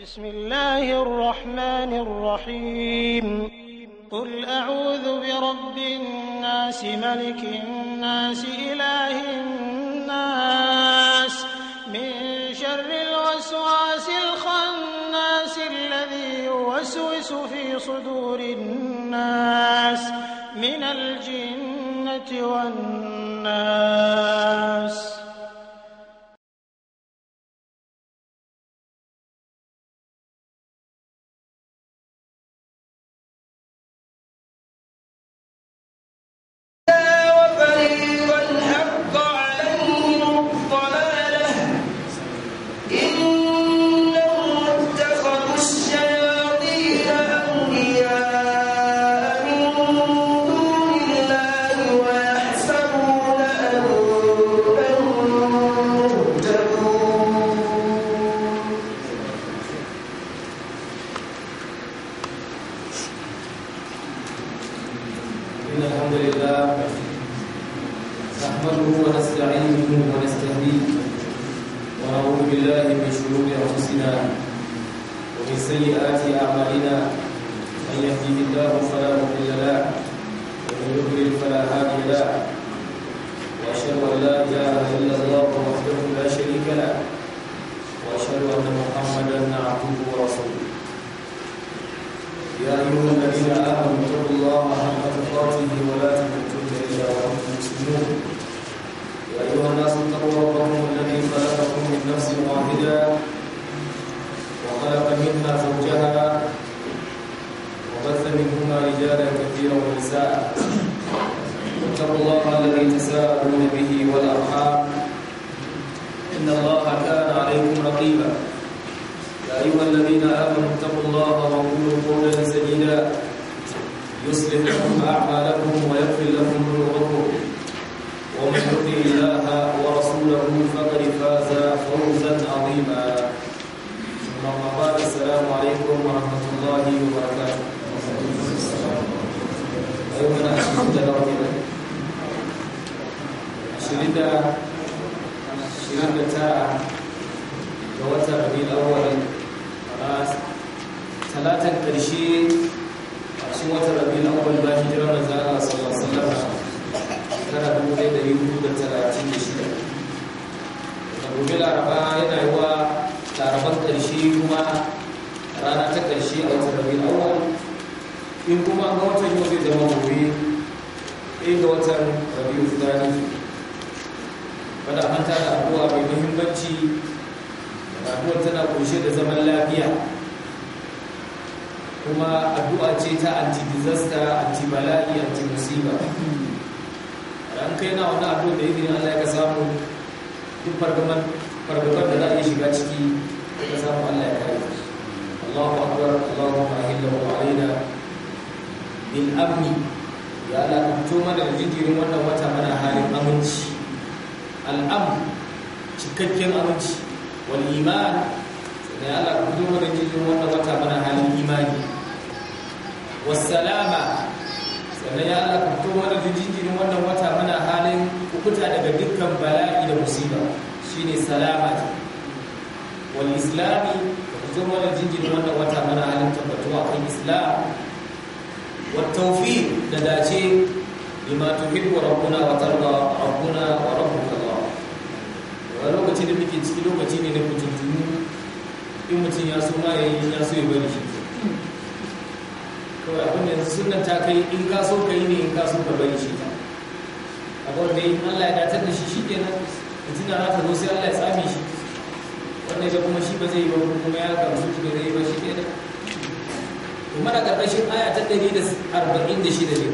بسم الله الرحمن الرحيم قل أعوذ برب الناس ملك الناس إله الناس من شر الوسواس الخناس الذي يوسوس في صدور الناس من الجنة والناس أيها الذين آمنوا اتقوا الله وقولوا قولا سديدا يصلح لكم أعمالكم ويغفر لكم ذنوبكم ومن يطع الله ورسوله فقد فاز فوزا عظيما ثم أما بعد السلام عليكم ورحمة الله وبركاته أيها الأشهد الرحمن أشهد شهادة ga talatin ƙarshe a cikin wata rabi na ubal ba shi jiran manzan Allah sallallahu alaihi wasallam kana dubu ɗaya da yuhu da talatin da shida da gobe laraba yana yi wa laraban ƙarshe kuma rana ta ƙarshe a wata rabi na ubal in kuma ga wata yau zai zama gobe ɗaya ga watan rabi fulani wadda an da abuwa mai muhimmanci rayuwar tana ƙunshe da zaman lafiya kuma addu'a ce ta anti-disaster anti-bala'i anti-musiba an kai na wani addu'a da yake Allah ya ka samu duk fargaban da za a yi shiga ciki ka samu Allah ya kare Allahu akbar Allahumma ahillahu alaina bil amni ya Allah ka fito mana da jikirin wannan wata mana halin aminci al'am cikakken aminci wal iman sannan ya Allah ka fito mana da jikirin wannan wata mana halin imani wassalama sannan ya Allah ka fito mana da jinjirin wannan wata muna halin kukuta daga dukkan bala'i da musiba shine salama ce wal islami fito mana jinjirin wannan wata muna halin tabbatuwa kan islam wat tawfiq da dace bima tuhibbu rabbuna wa tarda rabbuna wa rabbuka Allah wa lokacin da muke ciki lokaci ne na mutum in mutum ya so ma yayi ya so ya bari shi kawai abin yanzu sunan ta kai in ka so ka yi ne in ka so ka bari shi ta abuwa da dai, allah ya datar da shi shi ke nan fitina za ta zo sai allah ya tsami shi Wannan ya kuma shi ba zai yi ba kuma ya gamsu shi da zai yi ba shi ke nan kuma da ƙarƙashin aya ta ɗari da arba'in da shida ne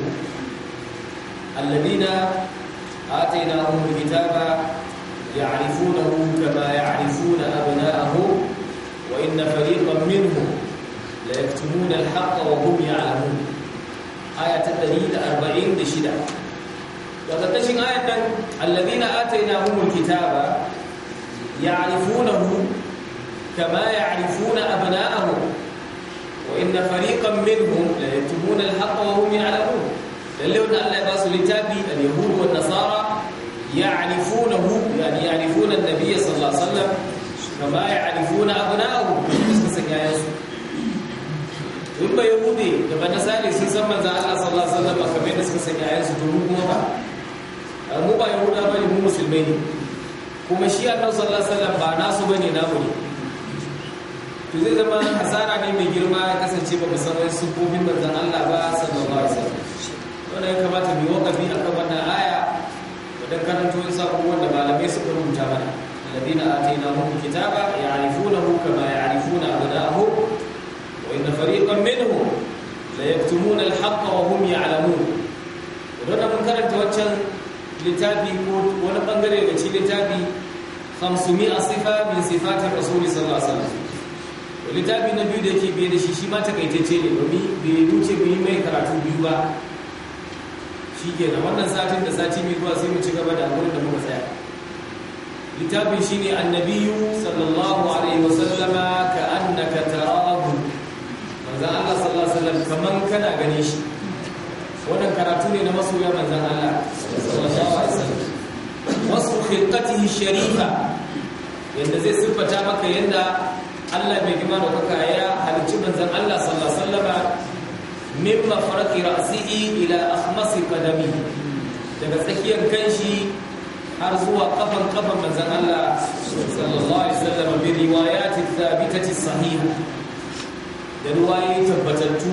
allabina آتيناهم الكتاب يعرفونه كما يعرفون أبناءهم وإن فريقا منهم لا يكتمون الحق وهم يعلمون آية الدليل أربعين لشدة وتتشن آية الذين آتيناهم الكتاب يعرفونه كما يعرفون أبناءهم وإن فريقا منهم لا يكتمون الحق وهم يعلمون للون الله يباس لتابي اليهود والنصارى يعرفونه يعني يعرفون النبي صلى الله عليه وسلم كما يعرفون أبناءهم duk bai bude da ba nasari sun san manzan Allah sallallahu alaihi wasallam kamar da suka sanya ayan su dubu kuma ba mu ba yahuda bane mu musulmai ne kuma shi Allah sallallahu alaihi wasallam ba nasu bane namu ne to zai zama hasara ne mai girma ya kasance ba mu san wani sufofin manzan Allah ba sallallahu alaihi wasallam wanda ya kamata mu wakafi akan wannan aya wadan karanto yin sabuwar da malamai su rubuta mana alladina atainahum kitaba ya'rifunahu kama ya'rifuna abna'ahum أن فريقا منهم ليكتمون الحق وهم يعلمون ودون من karanta waccan littafi ko wani bangare daga cikin littafi 500 sifa min sifatin rasuli sallallahu alaihi wasallam littafi na biyu da yake biye da shi shi ma takaitacce ne domin bai wuce bai mai karatu biyu ba shi ke na wannan satin da sati mai zuwa sai mu ci gaba da wurin da muka tsaya littafin shi ne annabiyu sallallahu alaihi wasallama ka annaka tarahu manzan Allah sallallahu alaihi wasallam kaman kana gane shi wannan karatu ne na masoya manzan Allah sallallahu alaihi wasallam wasu khilqatihi sharifa yanda zai siffata maka yanda Allah mai girma da kuka ya halicci manzan Allah sallallahu alaihi wasallam min mafarqi ra'sihi ila akhmasi qadamihi daga tsakiyar kanshi har zuwa kafan kafan manzan Allah sallallahu alaihi wasallam bi riwayati thabitati sahiha da ruwayoyi tabbatattu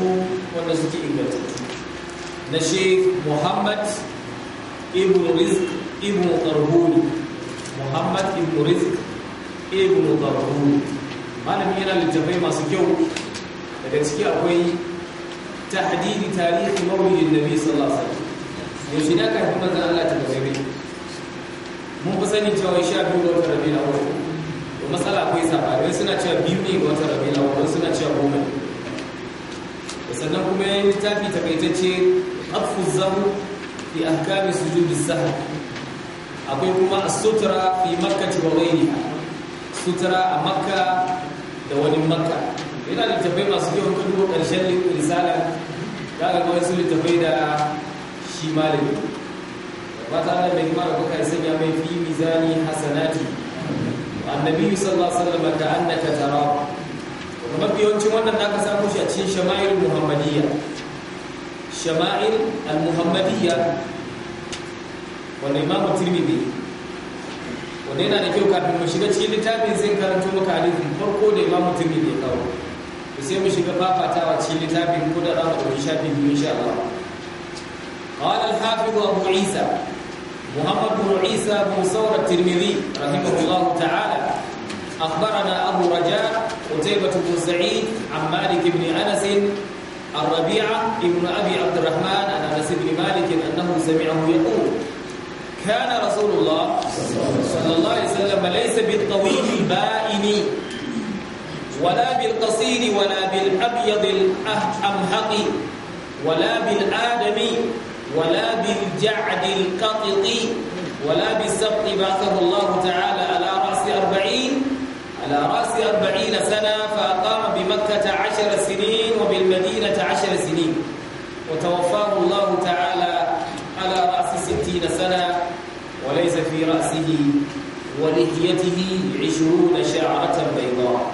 wanda suke ingantattu na sheikh muhammad ibn rizq ibn qarhuni muhammad ibn rizq ibn qarhuni malami yana littafai masu kyau daga ciki akwai tahdidi tarihi mawlidin nabi sallallahu alaihi wasallam yaushe ne aka haifi manzon Allah ta gabe mun fi sani cewa sha biyu ga watan rabiul awwal to matsala akwai sabani suna cewa biyu ne wata watan rabiul awwal suna cewa goma ne da sannan kuma ya yi littafi takaitacce ƙafu zahu fi ahkami sujudi zahu akwai kuma a sutura fi makkati wa ghairiha sutura a makka da wani makka yana littafai masu kyau ka duba ƙarshen risala za ga wasu littafai da shi malami ba ta da mai mara kuka sanya mai fi mizani hasanati annabi sallallahu alaihi wasallam ka annaka tarawa mafi yawancin wannan da aka samu shi a cikin shama'il muhammadiyya shama'il al-muhammadiyya wanda imamu tirmidhi wanda yana da kyau kafin mu shiga cikin littafin zai karanto maka hadisin farko da imamu tirmidhi ya kawo to sai mu shiga fafatawa cikin littafin ko da za mu ɗauki shafi biyu insha Allah قال الحافظ أبو عيسى محمد بن عيسى بن ثور الترمذي رحمه الله تعالى أخبرنا أبو رجاء قتيبة بن سعيد عن مالك بن أنس الربيعة ابن أبي عبد الرحمن عن أنس بن مالك أنه سمعه يقول كان رسول الله صلى الله عليه وسلم ليس بالطويل البائن ولا بالقصير ولا بالأبيض الأمهق ولا بالآدمي ولا بالجعد القطط ولا بالسبط بعثه الله تعالى على رأس أربعين سنة فأقام بمكة عشر سنين وبالمدينة عشر سنين وتوفاه الله تعالى على رأس ستين سنة وليس في رأسه ولحيته عشرون شعرة بيضاء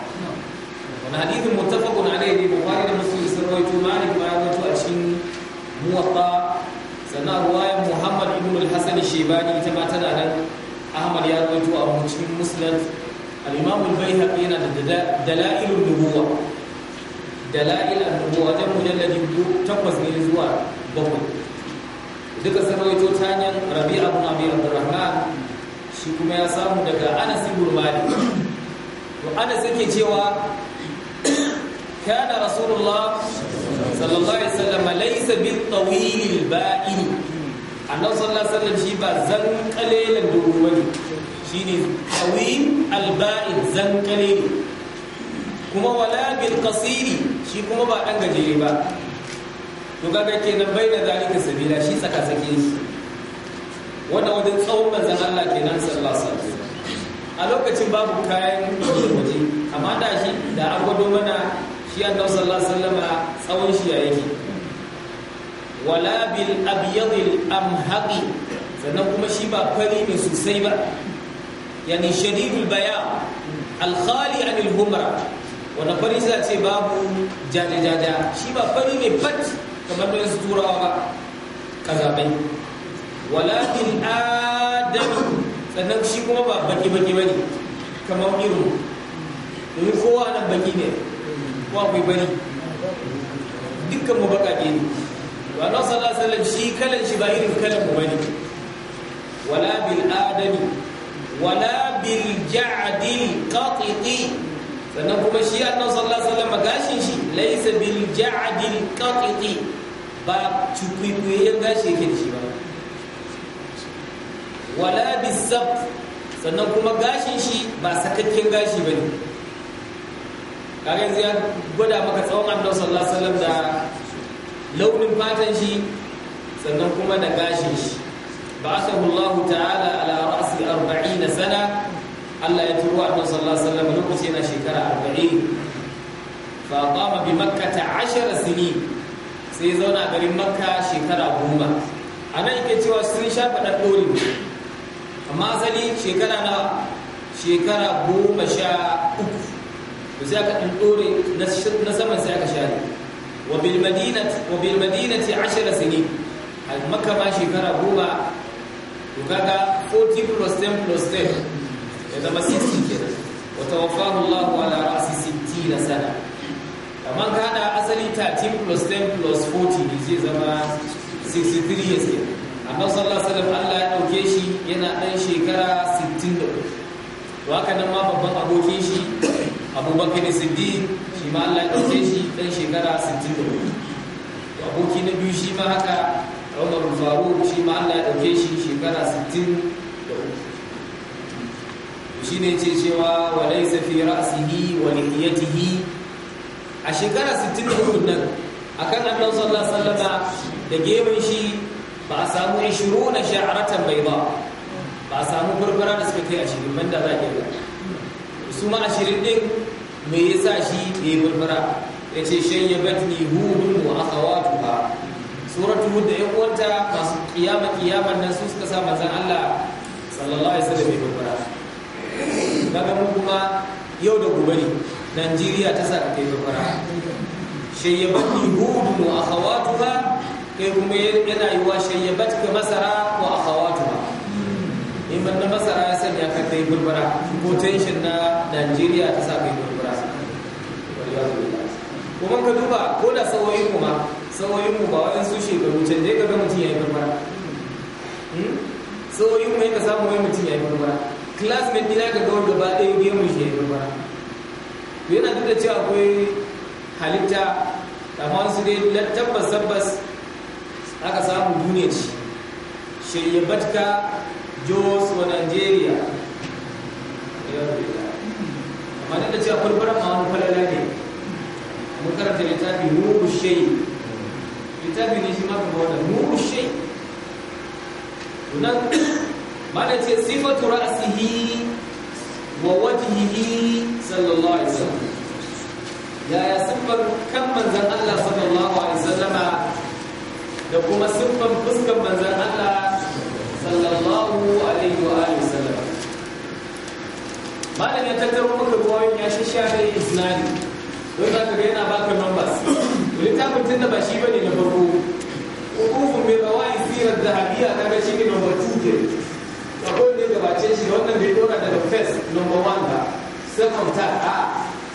حديث متفق عليه البخاري مسلم سرويت مالك وعادت أشين موطا سنة رواية محمد بن الحسن الشيباني تبعتنا أحمد يا رويت أبو مسلم الإمام البيهقي دلائل النبوة دلائل النبوة جم مجلد يبدو تقوز من الزوار بقل ذكر سنوية تانيا ربيع بن أبي عبد الرحمن شكما يصام دكا أنا سيبور مالي وأنا سيكي جوا كان رسول الله صلى الله عليه وسلم ليس بالطويل البائن أنه صلى الله عليه وسلم شيبا زنقليل الدروني shine tawil alba'id zankare ne kuma wala bil shi kuma ba dan gajere ba to kaga kenan da zalika sabila shi tsaka sake shi wanda wajen tsawon manzan Allah kenan sallallahu alaihi wasallam a lokacin babu kayan waje amma da shi da an gwado mana shi annabi sallallahu alaihi wasallam tsawon shi ya yake wala bil abyadil amhaqi sannan kuma shi ba fari ne sosai ba yani shadidul bayan alkhali anil humra wani fari za ce babu jajajaja shi ba fari ne fat kamar da su turawa ba kazabai walakin adamu sannan shi kuma ba baki-baki ba ne kamar irin domin kowa nan baki ne ko akwai bari dukkan mu baka ne wa na sallallahu shi kalan shi ba irin kalan mu ne. wala bil adami wala bil ja'dil qatiti sannan kuma shi annabi sallallahu alaihi wasallam gashin shi laysa bil ja'dil qatiti ba ya gashi yake shi ba wala bis sabt sannan kuma gashin shi ba sakakken gashi ba ne kaga yanzu ya gwada maka tsawon annabi sallallahu alaihi wasallam da launin fatan shi sannan kuma da gashin shi ba'athahu Allah ta'ala ala ra'si 40 sana Allah ya turo Annabi sallallahu alaihi wasallam lokacin yana shekara 40 fa qama bi makkah 10 sinin sai zauna garin makka shekara 10 anan yake cewa sun sha fadan amma asali shekara na shekara 13 to sai aka dore na saman sai aka share wa shekara to 40 plus 10 plus 10 ya zama 60 kenan wa tawaffahu Allah ala ra'si 60 sana amma ka asali 13 plus 10 plus 40 ne zai zama 63 years kenan annabi sallallahu alaihi wasallam Allah ya dauke shi yana dan shekara 63 to haka nan ma babban abokin shi Abubakar Siddiq shima Allah ya dauke shi dan shekara 63 aboki na biyu shi ma haka Umar Faruk shi ma Allah ya dauke shi shekara 63 ne ce cewa wa laysa fi ra'sihi wa lihiyatihi a shekara 63 nan akan Annabi sallallahu alaihi wasallama da gemin shi ba a samu 20 sha'aratan bayda ba a samu furfura da suka kai a shirin banda za ke ba su ma ashirin din me yasa shi ya yi furfura ya ce shayyabat ni hudun wa akhawatuha suratu hud da uwanta masu kiyama kiyaman nan su suka sa manzon Allah sallallahu alaihi wasallam ya dogara daga mu kuma yau da gobe ne Najeriya ta sa kai dogara shayyabati hud wa akhawatuha kai kuma yana yiwa ka masara wa akhawatuha in ban na masara ya sanya ka kai gurbara ko tension na Najeriya ta sa kai gurbara wallahi kuma ka duba ko da sawoyin mu ma sawoyin mu ba wayan su shekaru can je ka ga mutum yayi barbara hmm? sawoyin mu ka samu wai mutum yayi barbara classmate dina ka gawar gaba ɗaya biyan mu shi yayi barbara yana duk da cewa akwai halitta amma su dai tabbas tabbas aka samu duniya ce shayyabatka jos wa nigeria amma duk da cewa farfaran ma mu falala ne mun karanta littafi nuru shay littafi ne shi maka wanda nuru shay wannan mana ce sifatu ra'sihi wa wajhihi sallallahu alaihi wasallam ya ya siffar kan manzon Allah sallallahu alaihi wasallama da kuma siffar fuskar manzon Allah sallallahu alaihi wa alihi wasallam malam ya tattaro muku ruwayoyin ya shashare isnadi don za ka ga yana baka numbers littafin da ba shi bane na farko hukumu mai rawai sirar habiya ta ga shi ne number two ke akwai ne gabace shi wannan bai dora daga first number one ba second third a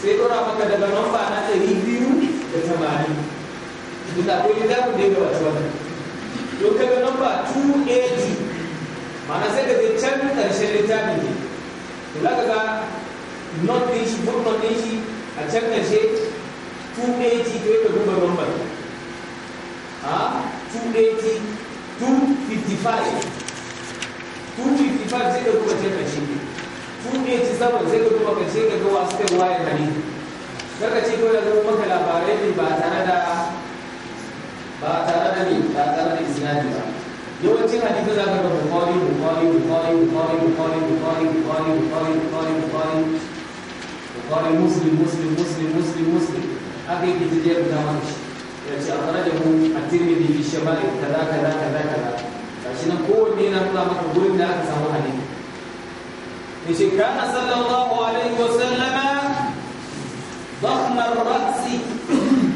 sai dora maka daga number na biyu da akwai littafin da ya gabace wannan don kaga number 280 ma'ana sai ka zai can ƙarshen littafin ne to za ka ga not ɗin shi not ɗin shi a can ƙarshe 280 to yadda kuma bambar a 280 255 zai da kuma can ƙarshe 287 zai da kuma ƙarshe da gawa suka yi waye mani daga ce kawai da kuma maka labarai ne ba tare da ba tare da ne ba tare da isnadi ba yawancin hadisi za ka ga bukari bukari bukari bukari bukari bukari bukari bukari bukari bukari قال مسلم مسلم مسلم مسلم مسلم أبي كتير بن عمش يعني أخرجه الترمذي في الشمال كذا كذا كذا كذا عشان نقول لنا الله ما تقول لنا أكثر حديث إيش كان صلى الله عليه وسلم ضخم الرأس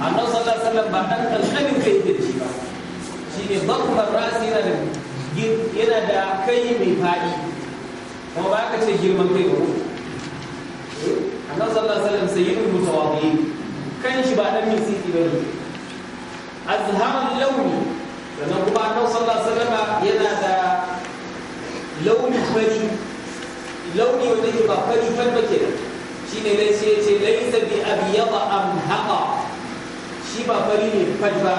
أنا صلى الله عليه وسلم بعد بعدك الخبر كيف تجيبه شيء ضخم الرأس إلى yana da kai mai faɗi kuma ba ka ce girman annan sallallahu alaihi wasallam sayyidul mutawadi'in kan shi ba dan misiki bane azhamul launi sannan kuma annan sallallahu alaihi wasallam yana da launi fari launi wanda ke ba fari falba ke shine dai sai ya ce laysa bi abyada am haqa shi ba fari ne fari ba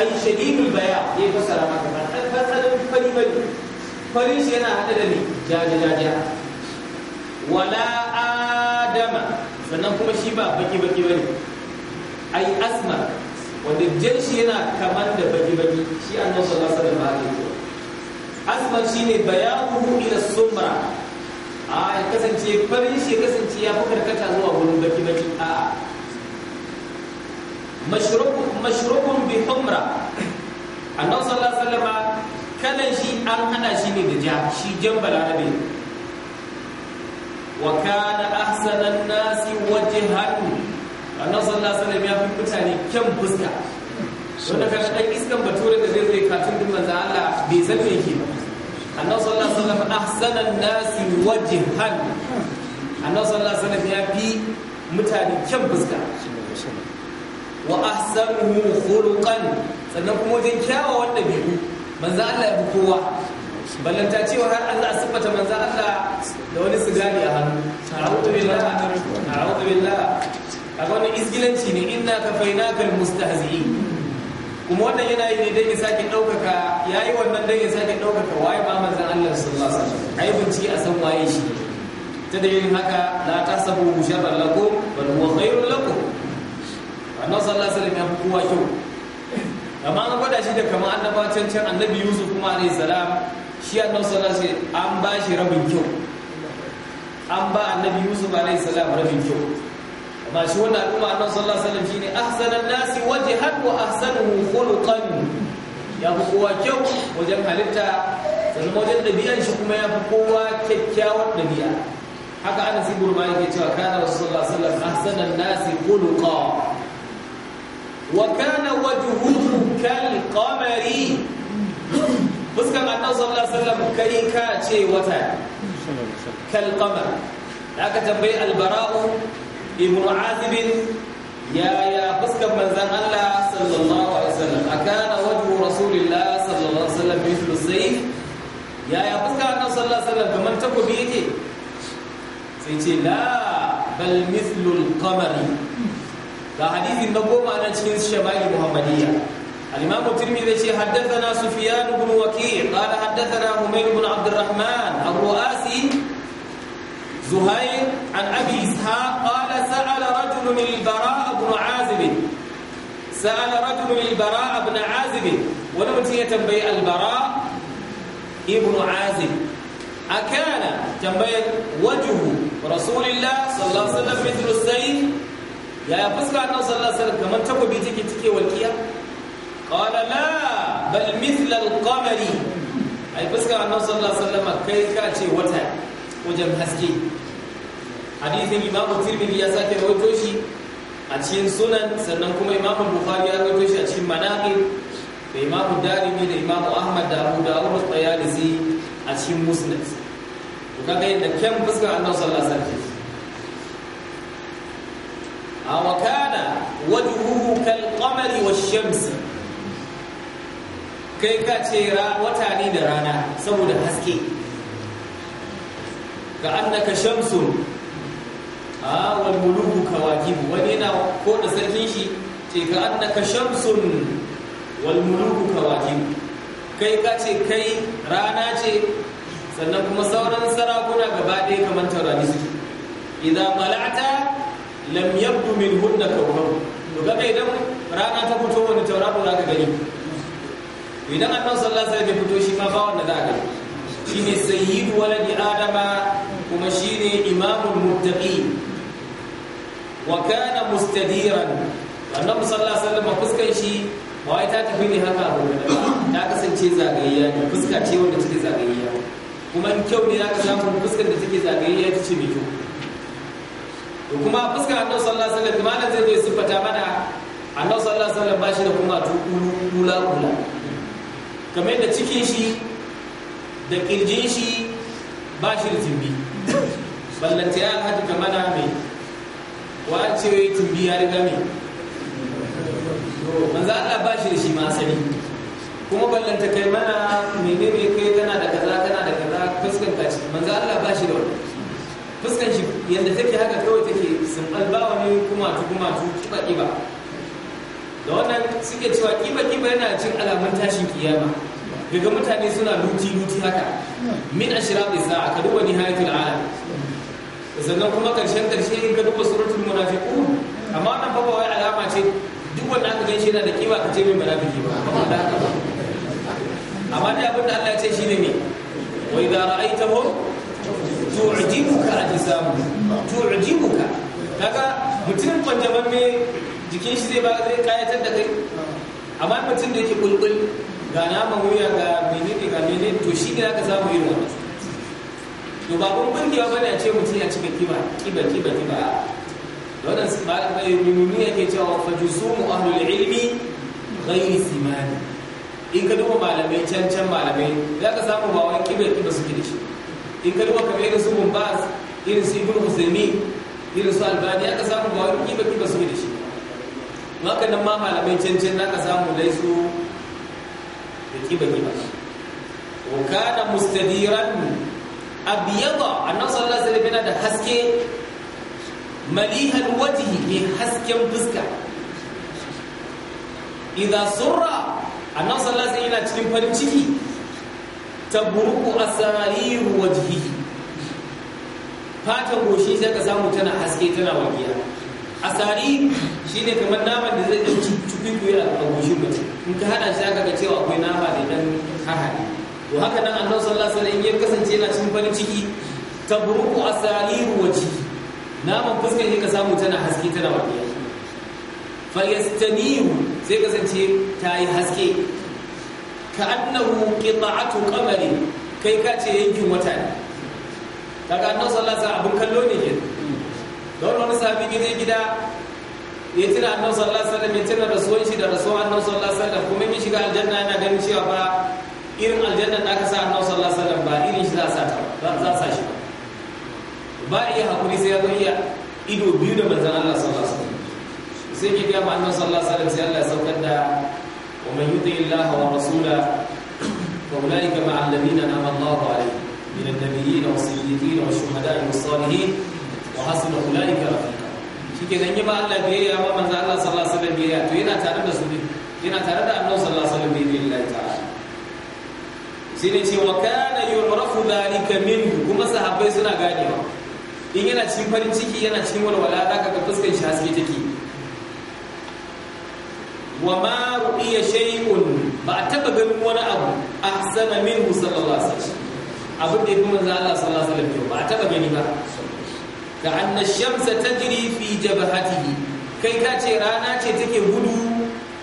ai shadidul baya ya yi fassara maka ba an fassara fari bane farin shi yana hada da ne jajajaja wala a sama sannan kuma shi ba baki baki ba ne ai asma wanda jan shi yana kaman da baki baki shi annabi sallallahu alaihi wasallam ba asma shi ne bayanuhu ila sumra a kasance farin shi kasance ya fi karkata zuwa wurin baki baki a mashrubun bi humra annabi sallallahu alaihi wasallam kalan shi an hana shi ne da ja shi jan balarabe وكان أحسن الناس وجها annan sallallahu alaihi wasallam ya fi mutane kyan fuska wanda kaga dan iskan bature da zai zai katun din manzo Allah bai san me yake ba annan sallallahu alaihi wasallam ahsanan nasi wajhan annan sallallahu alaihi wasallam ya fi mutane kyan buska. wa ahsanuhu khuluqan sannan kuma wajen kyawawan dabi'u manzo Allah ya fi kowa ballanta cewa har Allah siffata manzo Allah da wani sigari a hannu a'udhu billah a'udhu billah akwai wannan izgilanci ne inna kafainaka almustahzi'in kuma wannan yana yi ne dan ya sake daukaka yayi wannan dan ya sake daukaka waye ba manzo Allah sallallahu alaihi wasallam ai bincike a san waye shi ta dalilin haka la tasabu sharran lakum bal huwa khairun lakum annabi sallallahu alaihi wasallam ya kowa kyau amma an gwada shi da kamar annabawancin annabi Yusuf kuma alaihi salam shi annabi sallallahu alaihi an ba shi rabin kyau an ba annabi yusuf alaihi salam rabin kyau amma shi wannan al'umma annabi sallallahu alaihi wasallam shine ahsanan nasi waje wajhan wa ahsanuhu khuluqan ya fi kowa kyau wajen halitta sannan wajen ɗabi'an shi kuma ya fi kowa kyakkyawar ɗabi'a haka ana si burma yake cewa kana rasulullah sallallahu alaihi wasallam ahsanan nasi khuluqa wa kana wajhuhu kal qamari fuskan annabi sallallahu alaihi kai ka ce wata kal qamar aka tambayi albara'u ibn azib ya ya fuskan manzon Allah sallallahu alaihi wasallam akana wajhu rasulillah sallallahu alaihi wasallam mithlu sayf ya ya fuskan annabi sallallahu alaihi wasallam kaman takobi yake sai ce la bal mithlul qamari ga hadisin na goma na cikin shamali muhammadiyya الإمام الترمذي حدثنا سفيان بن وكيع قال حدثنا همير بن عبد الرحمن الرؤاسي زهير عن أبي إسحاق قال سأل رجل البراء بن عازب سأل رجل البراء بن عازب ولم يتنبي البراء ابن عازب أكان تنبي وجه رسول الله صلى الله عليه وسلم مثل السيف يا فسك أنه صلى الله عليه وسلم كمن تكو بيتك تكي والكيا qala la bal mithla al-qamar ai fuskar annabi sallallahu kai ka ce wata wajen haske hadisin imamu tirmidhi ya sake rawaito shi a cikin sunan sannan kuma imamu bukhari ya rawaito shi a cikin manaqib da imamu darimi da imamu ahmad da abu dawud al-tayalisi a cikin musnad to kaga yadda kyan fuskar annabi sallallahu alaihi wasallam a wakana kai ka ce wata ne da rana saboda haske ga annaka shamsun a wal muluku wani yana ko da sarkin shi ce ka annaka shamsun wal muluku kai ka ce kai rana ce sannan kuma sauran sarakuna gaba ɗaya kamar taurari suke idan mala'ata lam yabdu min hunna kawkabu to ga idan rana ta fito wani tauraro za ka gani to idan annabi sallallahu alaihi wasallam ya fito shi ma ba wanda za a gani shine sayyidu waladi adama kuma shine imamul muttaqin wa kana mustadiran annabi sallallahu alaihi wasallam fuskan shi ba wai ta tafi ne haka ko da ta kasance zagayya ne fuska ce wanda take zagayya kuma in kyau ne zaka samu fuskar da take zagayya ta ce mai kyau to kuma fuskar annabi sallallahu alaihi wasallam malam zai zo ya siffata mana annabi sallallahu alaihi wasallam ba shi da kuma tu kula kula kamar yadda cikin shi da kirjin shi ba shi da tumbi ballanta ya hadu kamar mana mai wa a ce wai tumbi ya riga mai manzo Allah ba shi da shi ma sani. kuma ballanta kai mana mai kai kana da kaza kana da kaza fuskanta ci manzo Allah ba shi da wani fuskan shi yadda take haka kawai take sun albawa ne kuma tu kuma tu kiba kiba da wannan suke cewa kiba kiba yana cin alamun tashin kiyama daga mutane suna luti luti haka min ashraq a kaduwa duba nihayatul alam sannan kuma karshen karshe ka duba suratul munafiqun amma wannan fa wai alama ce duk wanda aka shi yana da kiba ka ce mai munafiki ba amma da haka ba amma dai abin da Allah ya ce shine ne wa idza ra'aytahum tu'jibuka ajsamuhum tu'jibuka kaga mutum kwanjaban me jikin shi zai ba zai kayatar da kai amma mutum da yake bulbul ga nama wuya ga menene ga menene to shi ne aka samu irin wannan to ba kun ba bane a ce mutum ya cika kiba kiba kiba kiba wannan yi mimimi yake cewa fa jusumu ahlul ilmi ghairi simani in ka duba malamai can can malamai za ka samu ba wani kiba kiba suke da shi in ka duba kamar irin su bumbas irin su ibn husaini irin su albani aka samu ba wani kiba kiba suke da shi maka nan ma malamai cancan za ka samu su da kiban yi ba mustadiran abiyada annabi sallallahu alaihi wasallam na da haske malihal wajhi mai hasken fuska idan surra annabi sallallahu alaihi yana cikin farin ciki tabruku asariru Fata fatan goshi sai ka samu tana haske tana wajiya asari shine kamar naman da zai cikin cukuyi a gushi ba. in ka hada shi aka ga cewa akwai nama da dan hahari to haka nan annabi sallallahu alaihi wasallam ya kasance yana cikin farin ciki tabruku asari waji naman fuskar shi ka samu tana haske tana wariya fa yastanihu sai kasance ta yi haske ka annahu qita'atu qamari kai ka ce yankin wata ne kaga annabi sallallahu alaihi wasallam abin kallo ne ke don wani sahabi ne zai gida ya tuna annabi sallallahu alaihi wasallam ya tuna rasuwan shi da rasuwan annon sallallahu alaihi kuma in shiga aljanna yana ganin cewa fa irin aljanna da aka sa annon sallallahu alaihi ba irin shi za sa ta ba za sa shi ba iya hakuri sai ya zo iya ido biyu da manzan Allah sallallahu alaihi sai ke gama annabi sallallahu alaihi sai Allah ya saukar da wa man yuti illaha wa rasula fa ulaika ma'al ladina an'ama Allahu alaihim min an-nabiyyin was-siddiqin shuhadai was-salihin wa hasuna ulaika shike dan yaba Allah biyayya ba manzo Allah sallallahu alaihi wasallam biyayya to yana tare da su ne yana tare da Annabi sallallahu alaihi wasallam biyayya ta'ala sai ne ce wa kana yu'rafu dhalika minhu kuma sahabbai suna gane ba. in yana cikin farin ciki yana cikin walwala zaka ga fuskar shi haske take wa ma ru'iya shay'un ba a taba ganin wani abu ahsana minhu sallallahu alaihi wasallam abin da ya fi manzo Allah sallallahu alaihi wasallam ba a taba gani ba ka anna shamsa tajri fi jabhatihi kai ka ce rana ce take gudu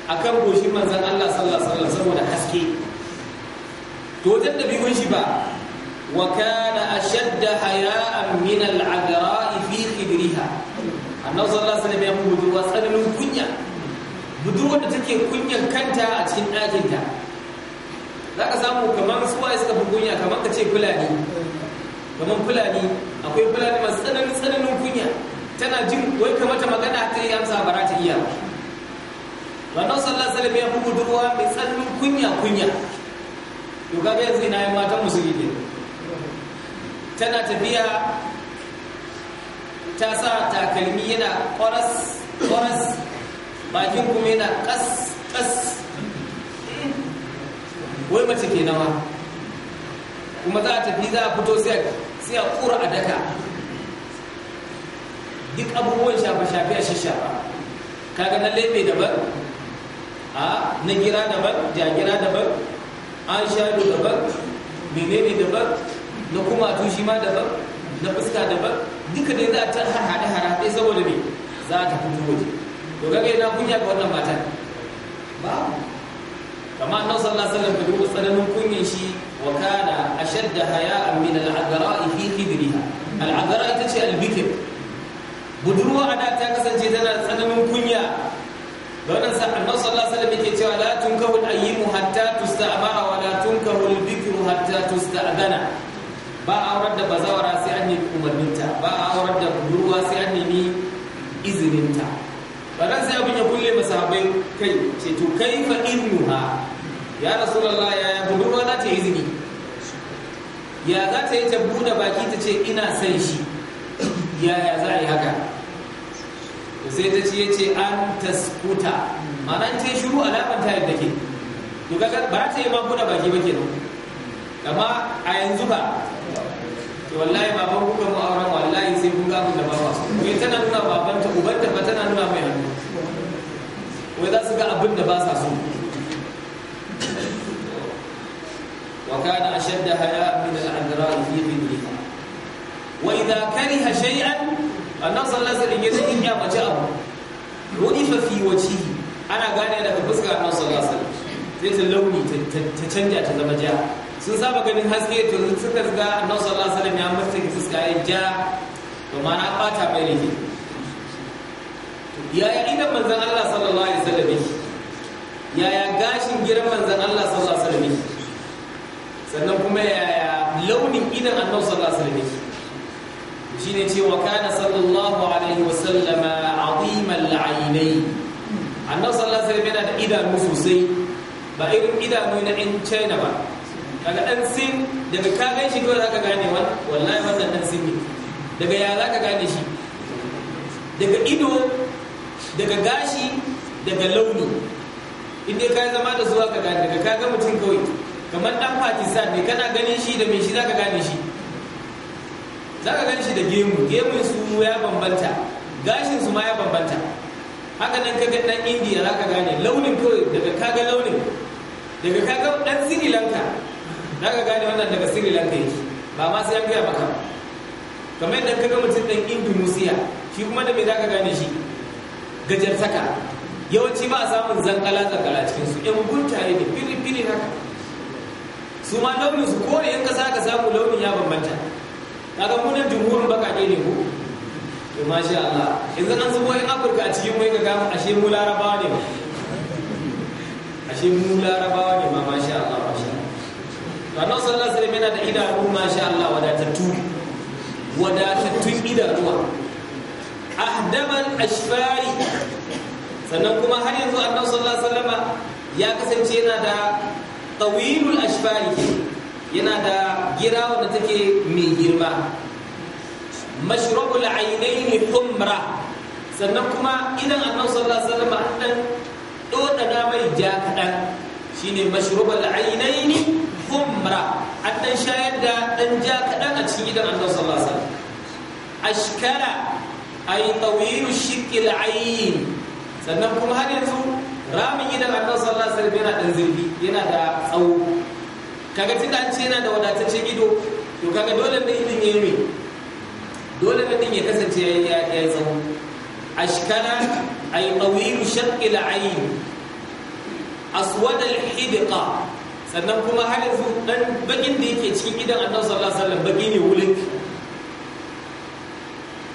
akan goshin manzon Allah sallallahu alaihi wasallam saboda haske to wajen da bigon shi ba wa kana ashadda haya'an min al-agra'i fi khidriha annabi sallallahu alaihi wasallam ya mu budurwa tsananin kunya budurwar da take kunyan kanta a cikin ɗakinta za ka samu kamar suwaye suka fi kunya kamar ka ce fulani kamar fulani akwai fulani masu tsananin tsananin kunya tana jin wai kamata magana ta yi amsa bara ta iya wannan sallallahu salim ya fi budurwa mai tsananin kunya kunya to kaga yanzu ina yi matan musulmi tana tafiya ta sa takalmi yana kwaras koras bakin kuma yana kas kas wai mace ke nawa kuma za a tafi za a fito sai a kura a daka duk abubuwan shafe-shafe a shishafa kaga na lebe daban a na gira daban jagira daban an shaɗu daban menene daban na kuma tushi ma daban na fuska daban duka dai za a ta harhaɗe harhaɗe saboda ne za a tafi waje to kaga yana kunya ga wannan matan ba kama a sallallahu alaihi wasallam da duba tsananin kunyan shi وكان أشد حياء من العذراء في كبرها العذراء تشي البكر بدروا أنا تاكسا جدنا سنة كنيا لأن صلى الله عليه وسلم يقول لا تنكه الأيم حتى تستأمر ولا تنكه البكر حتى تستأذن ba a aurar da bazawara sai an yi umarninta ba a aurar da budurwa sai an nemi izininta ba ran sai abin ya kulle masahabai kai ce to kai fa ya rasulullah ya budurwa za ta ya za ta yi ta buɗe baki ta ce ina son shi yaya za a yi haka sai ta ce ya ce an ta skuta ma'ana ta yi shuru alamar ta yadda ke to kaga ba ta yi ma buɗe baki ba kenan amma a yanzu ba to wallahi baban kuka mu auren wallahi sai kun mu da baba wai tana nuna babanta ubanta ba tana nuna mai hannu yi za su ga abin da ba sa so وكان أشد حياء من العذراء في ظلها وإذا كره شيئا النبي صلى الله يا مجاءه عرف في وجهه أنا قال لك فسك النبي صلى الله عليه وسلم sai ta launi ta canja ta zama ja sun saba ganin haske to suka ga annabi sallallahu alaihi wasallam ya mutsa ki fuska ya ja to ma na bata mai ne yaya idan manzon Allah sallallahu alaihi wasallam yaya gashin giran Allah sannan kuma yaya launin idan annabi sallallahu alaihi wasallam shine ce wa kana sallallahu alaihi wasallama azimal ainai annabi sallallahu alaihi wasallam yana da idanu sosai ba irin idanu na in China ba daga dan sin daga ka gan shi kawai zaka gane wannan wallahi wannan dan sin ne daga ya zaka gane shi daga ido daga gashi daga launi inda ka zama da zuwa ka gane daga ka ga mutum kawai kamar dan pakistan ne kana ganin shi da mai shi zaka gane shi zaka gane shi da gemu gemun su ya bambanta gashin su ma ya bambanta haka nan kaga dan indiya zaka gane launin kawai daga kaga launin daga kaga dan sri lanka zaka gane wannan daga sri lanka yake ba ma sai an gaya maka kamar yadda kaga mutum dan indonesia shi kuma da me zaka gane shi gajar saka yawanci ba samun zankala zankala cikin su yan guntaye ne firi firi haka su ma launin su kore in ka sa ka samu launin ya bambanta kaga mu nan jumhurin bakake ne ko to masha Allah yanzu an zubo in Afirka a cikin mai ga kaga ashe mu Larabawa ne ashe mu Larabawa ne ma masha Allah masha Allah to sallallahu alaihi wasallam yana da idanu masha Allah wadatattu wadatattun idanuwa ahdamal ashfari sannan kuma har yanzu annabi sallallahu alaihi wasallam ya kasance yana da tawilul ashfari yana da gira wanda take mai girma mashrabul ainaini humra sannan kuma idan annabi sallallahu alaihi wasallam dan dodana mai ja kadan shine mashrabul ainaini humra an dan shayar da dan ja kadan a cikin idan annabi sallallahu alaihi wasallam ashkara ay tawilu shikil ayn sannan kuma har yanzu ramin gidan annabi sallallahu alaihi wasallam yana dan zurfi yana da tsawo kaga tunda an ce yana da wadataccen ido to kaga dole ne idin yayi me dole ne din ya kasance ya ya tsawo ashkala ay tawil shaqq al-ayn aswad al-hidqa sannan kuma har yanzu dan bakin da yake cikin gidan annabi sallallahu alaihi wasallam baki ne wulik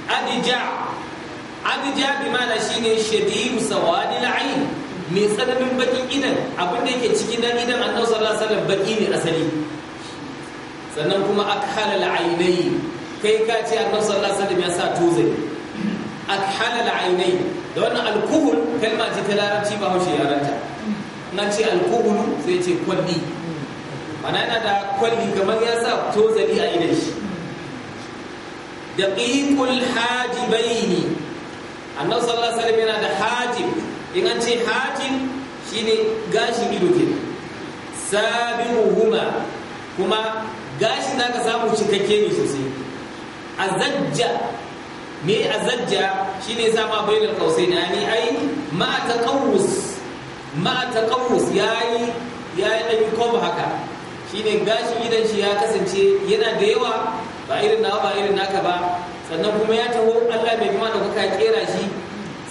adija adija bi ma'ana shine shadidu sawadil ayn mai tsananin bakin idan abin da yake ciki na idan annabi sallallahu alaihi wasallam baki ne asali sannan kuma aka akhala al'ainai kai ka ce annabi sallallahu alaihi ya sa tozai akhala al'ainai da wannan alkuhul kalma ce ta larabci ba haushe yaranta na ce alkuhulu sai ce kwalli mana yana da kwalli kamar ya sa tozali a idan shi daqiqul hajibaini annabi sallallahu alaihi wasallam yana da hajib in an ce shi shine gashi ido ke huma kuma gashi na ka samu cikakke ne sosai azajja me azajja shine sama kausai qausain ni ai ma taqawus ma ya yayi yayi yi kob haka shine gashi idan shi ya kasance yana da yawa ba irin nawa ba irin naka ba sannan kuma ya taho Allah mai kuma da kuka kera shi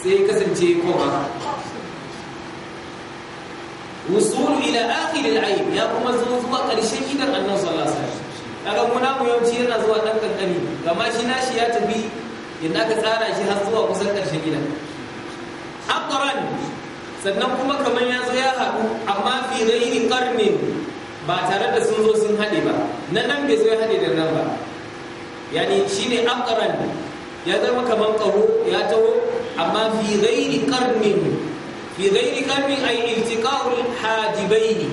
sai ya kasance ko haka wusulu ila da aib ya kuma zo zuwa karshen gidan annabi sallallahu alaihi wasallam kaga muna mu yawanci yana zuwa dan kankani amma shi nashi ya tafi yadda aka tsara shi har zuwa kusan karshen gida. aqran sannan kuma kamar ya zo ya haɗu amma fi ghairi qarnin ba tare da sun zo sun haɗe ba na nan bai zo ya haɗe da nan ba yani shine aqran ya zama kamar karo ya taho amma fi ghairi qarnin bi ghairi qalbin ay iltiqa'ul hadibaini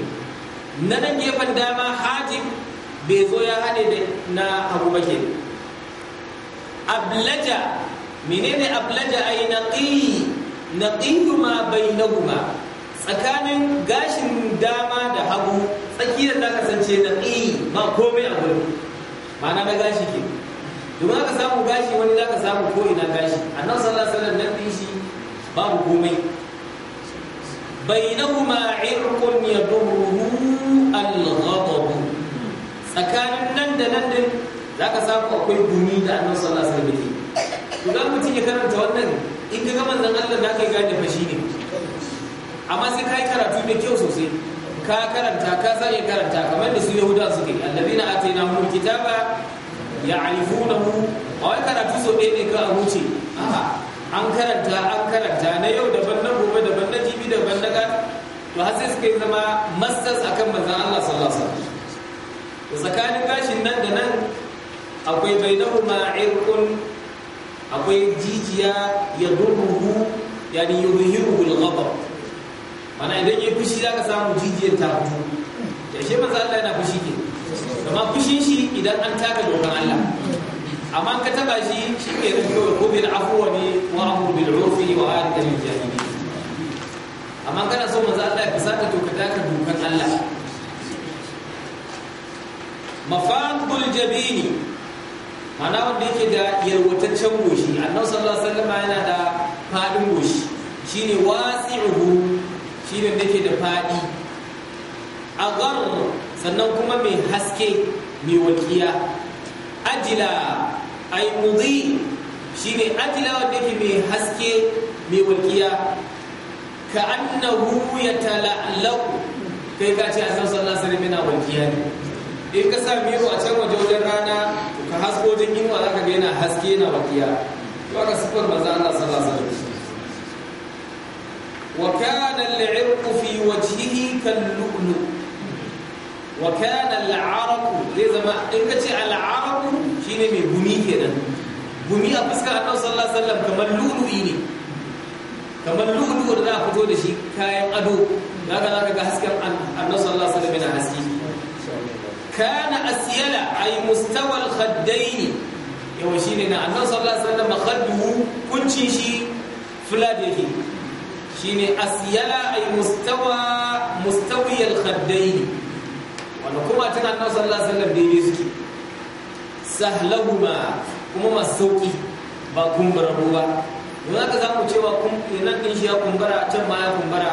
na nan gefen dama hajib bai zo ya hade da na abu bakir ablaja menene ablaja ay naqi naqi ma bainahuma tsakanin gashin dama da hagu tsakiyar da kasance na ƙi ba komai a gurin ma'ana na gashi ke domin aka samu gashi wani za ka samu ko ina gashi nan sallar sallar nan ɗin shi babu komai بينهما عرق يضره الغضب ghadab tsakanin nan da nan din ka samu akwai gumi da Annabi sallallahu alaihi wasallam yake to dan mutum karanta wannan in ka ga zan Allah da kai gane fashi ne. amma sai kai karatu da kyau sosai ka karanta ka sai karanta kamar da su yahuda suke allazina atainahumul kitaba ya'rifunahu a wai karatu so ɗaya ne ka a wuce an karanta an karanta na yau daban na gobe da bandaka to har sai suka yi zama masters kan manzan Allah sallallahu alaihi wasallam to tsakanin gashin nan da nan akwai bainahu irqun akwai jijiya ya durruhu yani yuhiru bil ghadab mana idan ya fushi zaka samu jijiyar ta fito ya she manzo Allah yana fushi ke amma fushin shi idan an taka dokan Allah amma ka taba shi shi ne ko bil afwani wa amru bil urfi wa arda lil jahili amma kana so manzo Allah ya fusata to ka dukan Allah mafadul jabini mana wanda yake da yarwataccen goshi annabi sallallahu alaihi wasallam yana da fadin goshi shine wasi'uhu shine da yake da fadi agar sannan kuma mai haske mai wakiya ajila ay mudhi shine ajila wanda yake mai haske mai wakiya ka annahu yatala'laku kai ka ce a sallallahu Sallah wasallam mina walkiya ne in ka sa miro a can waje wajen rana ka hasko jin inuwa zaka ga yana haske yana walkiya to aka sifar manzo Allah sallallahu alaihi wasallam wa kana al-'irqu fi wajhihi kal-lu'lu wa kana al zai zama in ka ce al-'araqu shine mai gumi kenan gumi a fuskar annabi sallallahu alaihi wasallam kamar lu'lu'i ne kamar duhu da za a fito da shi kayan ado za ka zaka ga hasken annabi sallallahu alaihi wasallam na haske kana a asyala Mustawar Haddai ne. khaddayn shi ne na annabi sallallahu alaihi wasallam khadduhu kuncin shi da yake Shi ne asyala ay mustawa mustawi Haddai ne. wanda kuma tana annabi sallallahu alaihi wasallam daidai suke sahlahuma kuma masu sauki ba kumbar ba. don haka za mu cewa nan ɗin shi ya kumbara can ma ya kumbara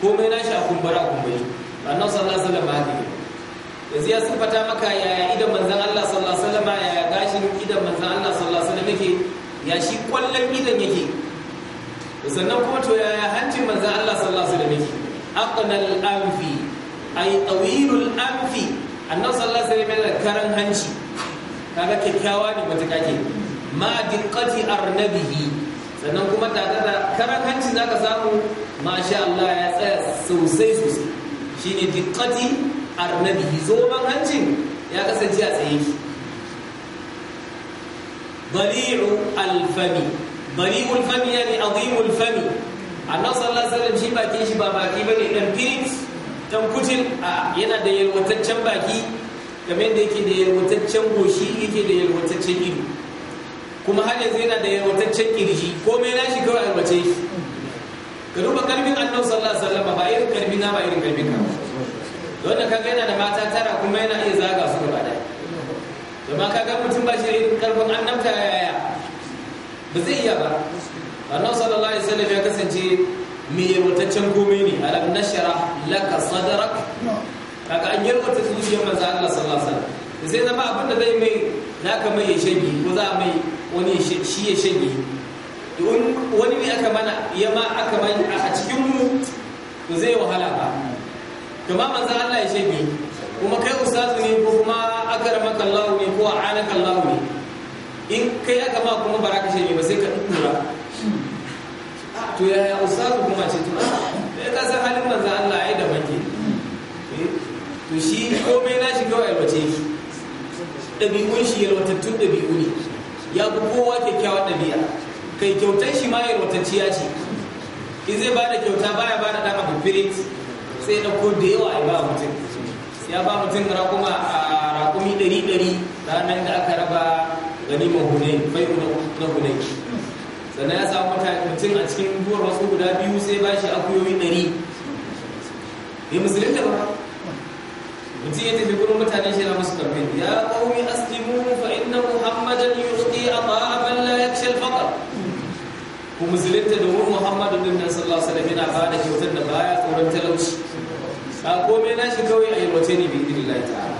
komai na shi a kumbara kumbari annan sallallahu alaihi wasallam haka yanzu ya siffata maka yaya idan manzan Allah sallallahu alaihi wasallam yaya gashin idan manzan Allah sallallahu alaihi wasallam yake ya shi kwallon idan yake sannan kuma to yaya hancin manzan Allah sallallahu alaihi wasallam yake aqnal anfi ay tawilul anfi annan sallallahu alaihi wasallam yana karan hanci kaga kyakkyawa ne mutaka ke ma diqqati arnabihi sannan kuma tare da hanci za ka samu masha Allah ya tsaya sosai sosai shi ne dikkati arnabi zoben hancin ya kasance a tsaye shi. bari'u alfami bari'u alfami ya ne azimu alfami annabi sallallahu alaihi shi bakin shi ba baki bane dan pirit dan kucin a yana da yalwataccen baki kamar da yake da yalwataccen goshi yake da yalwataccen ido kuma har yanzu yana da yalwataccen kirji komai na shi kawai albace shi ka duba kalbin annabi sallallahu alaihi wasallam ba irin kalbi na ba irin kalbin ka wanda kaga yana da mata tara kuma yana iya zaga su gaba daya ma kaga mutum ba shi irin karfin annabta yaya ba zai iya ba annabi sallallahu alaihi wasallam ya kasance mai yalwataccen komai ne alam nashara laka sadrak kaga an yalwata zuciyar manzo Allah sallallahu alaihi wasallam zai zama abinda da zai mai ka mai ya shanye ko za mai wani shi ya shanye wani ne aka mana ya ma aka mai a cikin mu ba zai wahala ba kuma manzo Allah ya shanye kuma kai ustazu ne ko kuma rama kallahu ne ko anaka kallahu ne in kai aka ma kuma baraka shanye ba sai ka dukura to yaya ustazu kuma ce to ya ka san halin manzo Allah yi da manke eh, to shi komai na shi kawai ce shi ɗabi'un shi yalwatattun ɗabi'u ne ya fi kowa kyakkyawan ɗabi'a kai kyautar shi ma yalwatacciya ce in zai bada kyauta baya bada ɗan abu firit sai ko da yawa ya ba mutum ya ba mutum rakuma a rakumi ɗari ɗari ranar da aka raba ganima hunain bai na hunai sannan ya samu mutum a cikin buwar wasu guda biyu sai ba shi akuyoyi ɗari ya musulun da ba mutum ya tafi gurin mutane shi na musu kamfen ya qaumi aslimu fa inna muhammadan yusti ata'a man la yakhsha al-faqr ku musulunta wurin muhammadu din nan sallallahu alaihi wasallam yana bada kyautar da baya tsoron talauci a komai na shi kawai a yalwace ne bi idinillahi ta'ala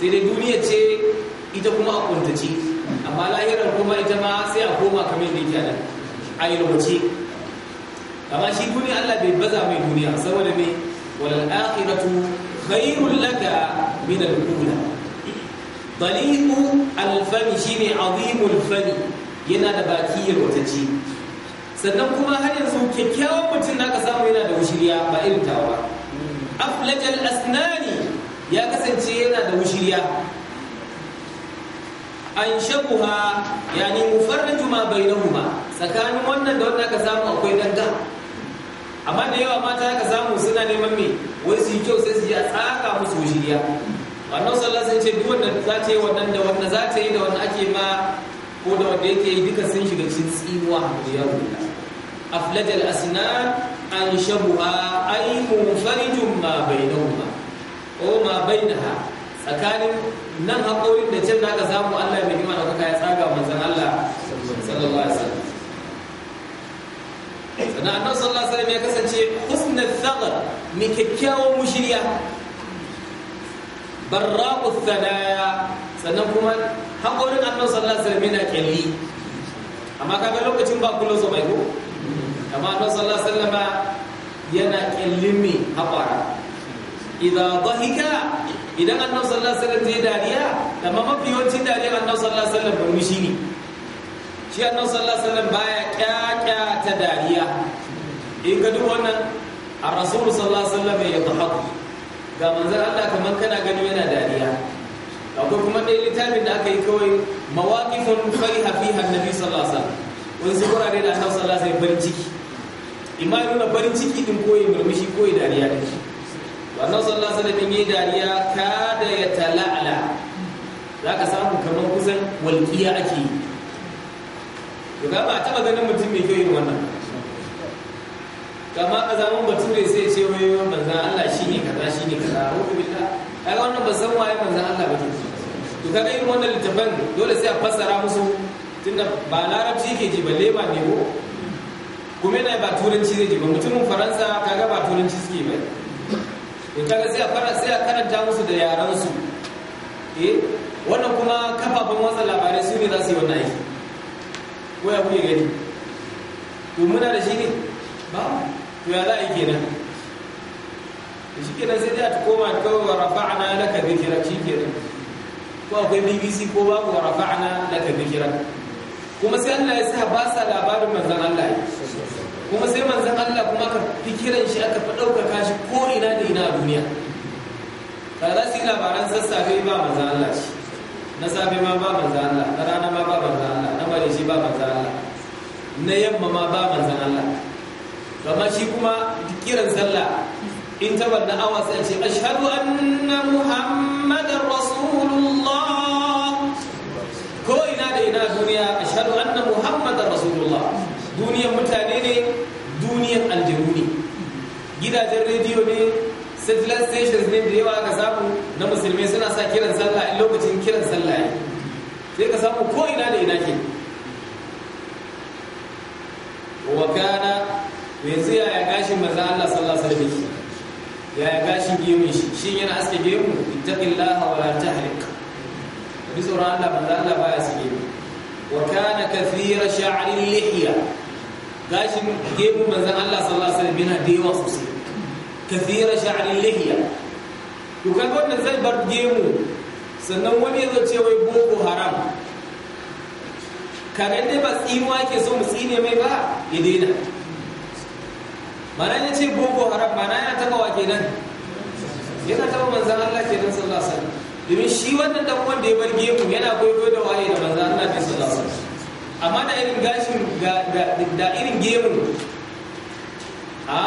sai dai duniya ce ita kuma a kuntace amma lahirar kuma ita ma sai a koma kamar da yake nan a yalwace amma shi duniya Allah bai baza mai duniya saboda me walal akhiratu khairul laka min al-ula daliqu al-fami shine azimul fami yana da baki yarwatacce sannan kuma har yanzu kyakkyawan mutum da ka samu yana da wushiriya ba irin tawa aflajal asnani ya kasance yana da wushiriya an shabuha yani mufarraju ma bainahuma tsakanin wannan da wannan ka samu akwai danga amma da yawa mata ka samu suna neman mai. wai su yi kyau sai su yi a tsaka musu wushiriya wannan sallah sai ce duk wanda za ta yi wannan da wanda za ta yi da wanda ake ma ko da wanda yake yi duka sun shiga cikin tsiwa da a aflajal asnan an shabuha ay munfarijun ma bainahuma ko ma bainaha tsakanin nan haƙorin da can da aka samu Allah mai hikima da kuka ya tsaga manzon Allah sallallahu alaihi wasallam sannan annabi sallallahu alaihi wasallam ya kasance husnul thaqal mai kyakkyawan mushriya barraqu thanaya sannan kuma hakorin annabi sallallahu alaihi wasallam yana kyalli amma kaga lokacin ba kullu so bai ko amma annabi sallallahu alaihi wasallam yana kyallin me hakora idan dhahika idan annabi sallallahu alaihi wasallam zai dariya amma mafi yawancin dariya annabi sallallahu alaihi wasallam ba mushi ne shi annabi sallallahu alaihi wasallam baya kyakya ta dariya in ga duk wannan a rasulu sallallahu alaihi ya dhahaku ga manzon Allah kamar kana gani yana dariya akwai kuma ɗaya littafin da aka yi kawai mawaqifun fariha fiha annabi sallallahu alaihi wasallam wani sukura ne da annabi sallallahu alaihi wasallam farin ciki imma nuna farin ciki din koyi murmushi koyi dariya din wannan sallallahu alaihi wasallam yi dariya kada ya tala'ala Za ka samu kamar kusan walƙiya ake yi daga ba a taba ganin mutum mai kyau irin wannan kama batu ne sai ce wai yawan manzan Allah shi ne kaza shi ne kaza rubu billah kaga wannan ba san waye manzan Allah ba ke to kaga irin wannan littafan dole sai a fassara musu tunda ba larabci ke ji ba leba ne ko kuma yana ba turanci zai ji ba mutumin faransa kaga ba turanci suke mai to kaga sai a fara sai a karanta musu da yaran su eh wannan kuma kafafen watsa labarai su ne za su yi wannan aiki ko ya kuke gani to muna da shi ne ba to ya za a yi kenan da shi kenan sai dai a da kawai wa na laka bikira shi kenan ko akwai BBC ko ba babu wa na laka bikira kuma sai Allah ya sa ba sa labarin manzan Allah kuma sai manzan Allah kuma ka fikiran shi aka fi ɗaukaka shi ko ina da ina a duniya ba za su yi labaran sassafe ba manzan Allah shi na safe ma ba manzo Allah na rana ma ba manzo Allah na mare shi ba manzo Allah na yamma ma ba manzo Allah amma shi kuma kiran sallah in ta da awa sai a ce ashhadu anna muhammadar rasulullah ko ina da ina duniya ashhadu anna muhammadar rasulullah duniyar mutane ne duniyar aljihu ne gidajen rediyo ne secular stations ne da yawa aka samu na musulmi suna sa kiran sallah in lokacin kiran sallah ne sai ka samu ko ina da ina ke wa kana yanzu yaya gashin maza Allah sallallahu alaihi wasallam yaya gashin gemun shi shi yana aske gemu ittaqillaha wa la tahriq bi tsoron Allah manzo Allah baya su gemu wa kana kathira sha'ri lihiya gashin gemun manzo Allah sallallahu alaihi wasallam yana da yawa sosai kathira sha'anin lahiya to kaga wannan zai bar gemu sannan wani ya zace wai boko haram kaga dai ba tsinuwa ke so mu tsine mai ba ya daina mana ya ce boko haram mana yana taba wa kenan yana taba manzan Allah kenan sallallahu alaihi wasallam domin shi wannan dan wanda ya bar gemu yana goyo da waye da manzan Allah ne sallallahu alaihi wasallam amma da irin gashin da irin gemun a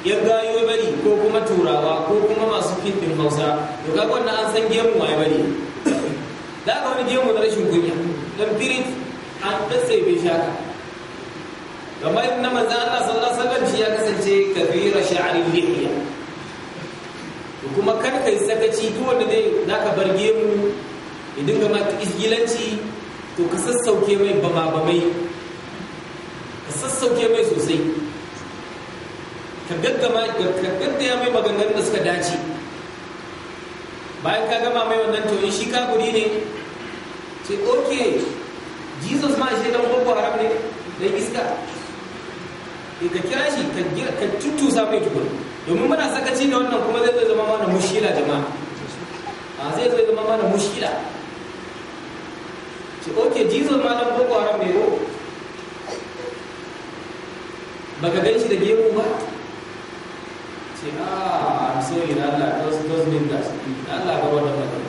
ya gayo bari ko kuma turawa ko kuma masu fim hausa to kaga wannan an san gemu waye bari da ka wani gemu na rashin kunya dan firit an sai bai shaka kamar na manzo Allah sallallahu alaihi wasallam ya kasance kabira sha'ri lihiya kuma kar kai sakaci duk wanda zai zaka bar gemu idan ka mata isgilanci to ka sassauke mai bama bamai ka sassauke mai sosai ka gaggama ka mai maganganun da suka dace bayan ka gama mai wannan to in shi guri ne ce ok jesus ma shi dan boko haram ne dan iska eh, ka kira shi ka tuttusa mai tukun domin muna sakaci da wannan kuma zai zama mana mushila jama'a a ah, zai zai zama mana mushila ce ok jesus ma dan boko haram ne ko baka gan shi da gemu ba say, ah, so I'm sorry, Allah, those, those mean that. Allah ga wannan magana.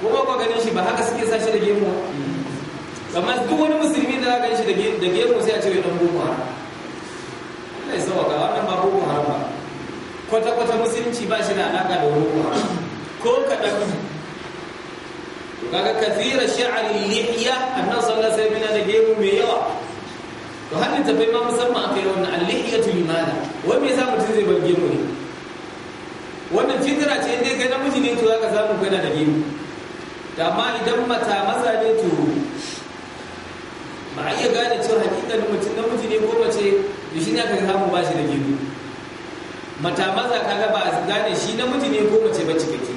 Kuma ko ganin shi ba haka suke sa shi da gemu ba. Kamar duk wani musulmi da aka shi da gemu sai a ce dan boko haram. Allah ya sauka wannan ba boko haram ba. Kwata kwata musulunci ba shi da alaka da boko haram. Ko kadan kaga kathira sha'ar lihiya annabi sallallahu alaihi wasallam yana da gemu mai yawa to hannun da tafai ma musamman akai wannan al-lihiyatu limana wai me samun cin zai bar mu ne wannan fitira ce indai kai namiji ne to zaka samu kai na da gemu da amma idan mata maza ne to ba a iya gane cewa hakikalin mutum namiji ne ko mace da shi ne aka samu ba shi da gemu mata maza kaga ba a gane shi namiji ne ko mace ba cikakke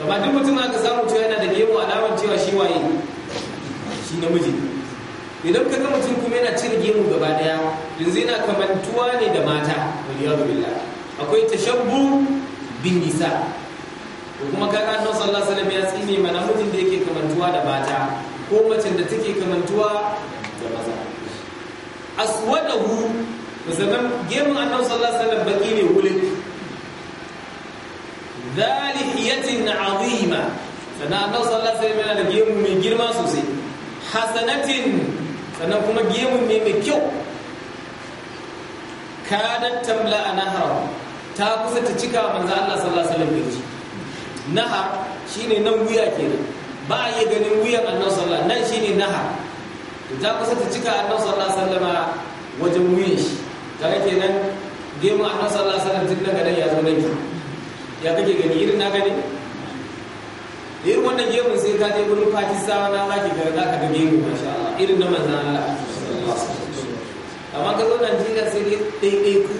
amma duk mutum aka samu cewa yana da gemu alamar cewa shi waye shi namiji ne idan ka ga mutum kuma yana cire gemu gaba daya yanzu yana kamantuwa ne da mata waliyadu billah akwai tashabbu bin nisa ko kuma kaga annabi sallallahu alaihi wasallam ya tsine mana mutum da yake kamantuwa da mata ko macen da take kamantuwa da maza aswadahu musamman gemun annabi sallallahu alaihi wasallam baki ne wulin dhalihiyatin azima sana annabi sallallahu alaihi wasallam yana da gemu mai girma sosai hasanatin sannan kuma gemun ne mai kyau kadan tamla a nahar ta kusa ta cika manzo Allah sallallahu alaihi wasallam gaji nahar shine nan wuya kenan ba a yi ganin wuyan annabi sallallahu nan shine nahar ta kusa ta cika annabi sallallahu alaihi wasallam wajen wuyan shi kaga kenan gemun annabi sallallahu alaihi wasallam tun daga nan ya zo nan ya kake gani irin na gani da irin wannan gemun sai ka je wurin pakistawa na zaki gara za ka ga gemu masha Allah irin na manzan Allah amma ka zo Najeriya sai dai ɗaiɗai ku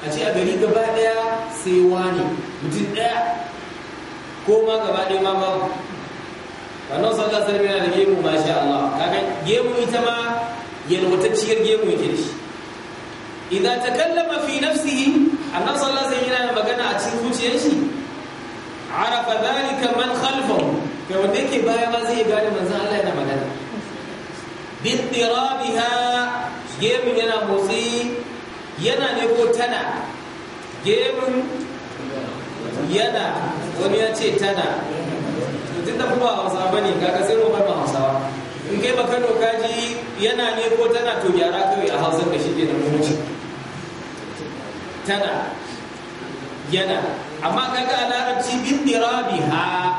a ce a gari gaba ɗaya sai wani mutum ɗaya ko ma gaba ɗaya ma babu wannan sallar sarmi na da gemu masha Allah kaga gemu ita ma yalwatacciyar gemu yake da shi idan ta kallama fi nafsihi annabi sallallahu alaihi wasallam yana magana a cikin zuciyar shi arafa zalika man khalfahu ya wanda yake baya ma zai gane manzon Allah yana magana bittirabiha gemin yana motsi yana ne ko tana gemin yana wani ya ce tana tun da kuma hausa ba ne ga kasar roba ba ba in kai ba kano kaji yana ne ko tana to gyara kawai a hausar da shi ke na mutu tana yana amma kaga a larabci bin dirabiha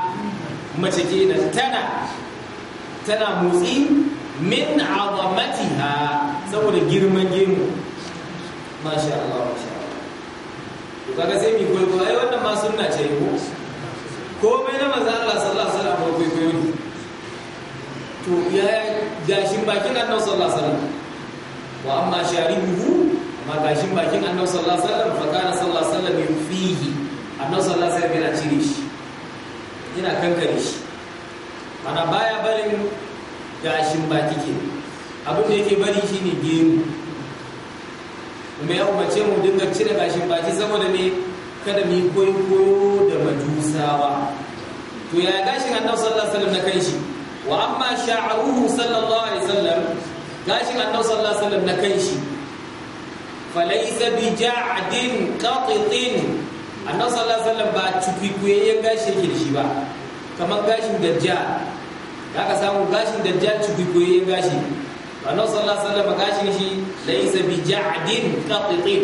mace kenan tana tana motsi min azamatiha saboda girman gemu masha Allah masha Allah to kaga sai mi ko ai wannan ma sunna ce ko komai na manzo Allah sallallahu alaihi wasallam ko koyo ne to ya gashin bakin Allah sallallahu alaihi wasallam wa amma sharibuhu magashin bakin annabi sallallahu alaihi wasallam fa kana sallallahu alaihi wasallam yufihi annabi sallallahu alaihi wasallam yana cire shi yana kankare shi mana baya barin gashin baki ke abin da yake bari shine gemu kuma ya umarce mu dinga cire gashin baki saboda ne kada mu yi koyo da majusawa to ya gashin annabi sallallahu alaihi wasallam na kanshi wa amma sha'ruhu sallallahu alaihi wasallam gashin annabi sallallahu alaihi wasallam na kanshi falaisa bi ja'din qatitin annabi sallallahu alaihi wasallam ba cikuikuyen gashi yake da shi ba kamar gashin dajjal ka samu gashin dajjal cikuikuyen gashi annabi sallallahu alaihi wasallam gashin shi laisa bi ja'din qatitin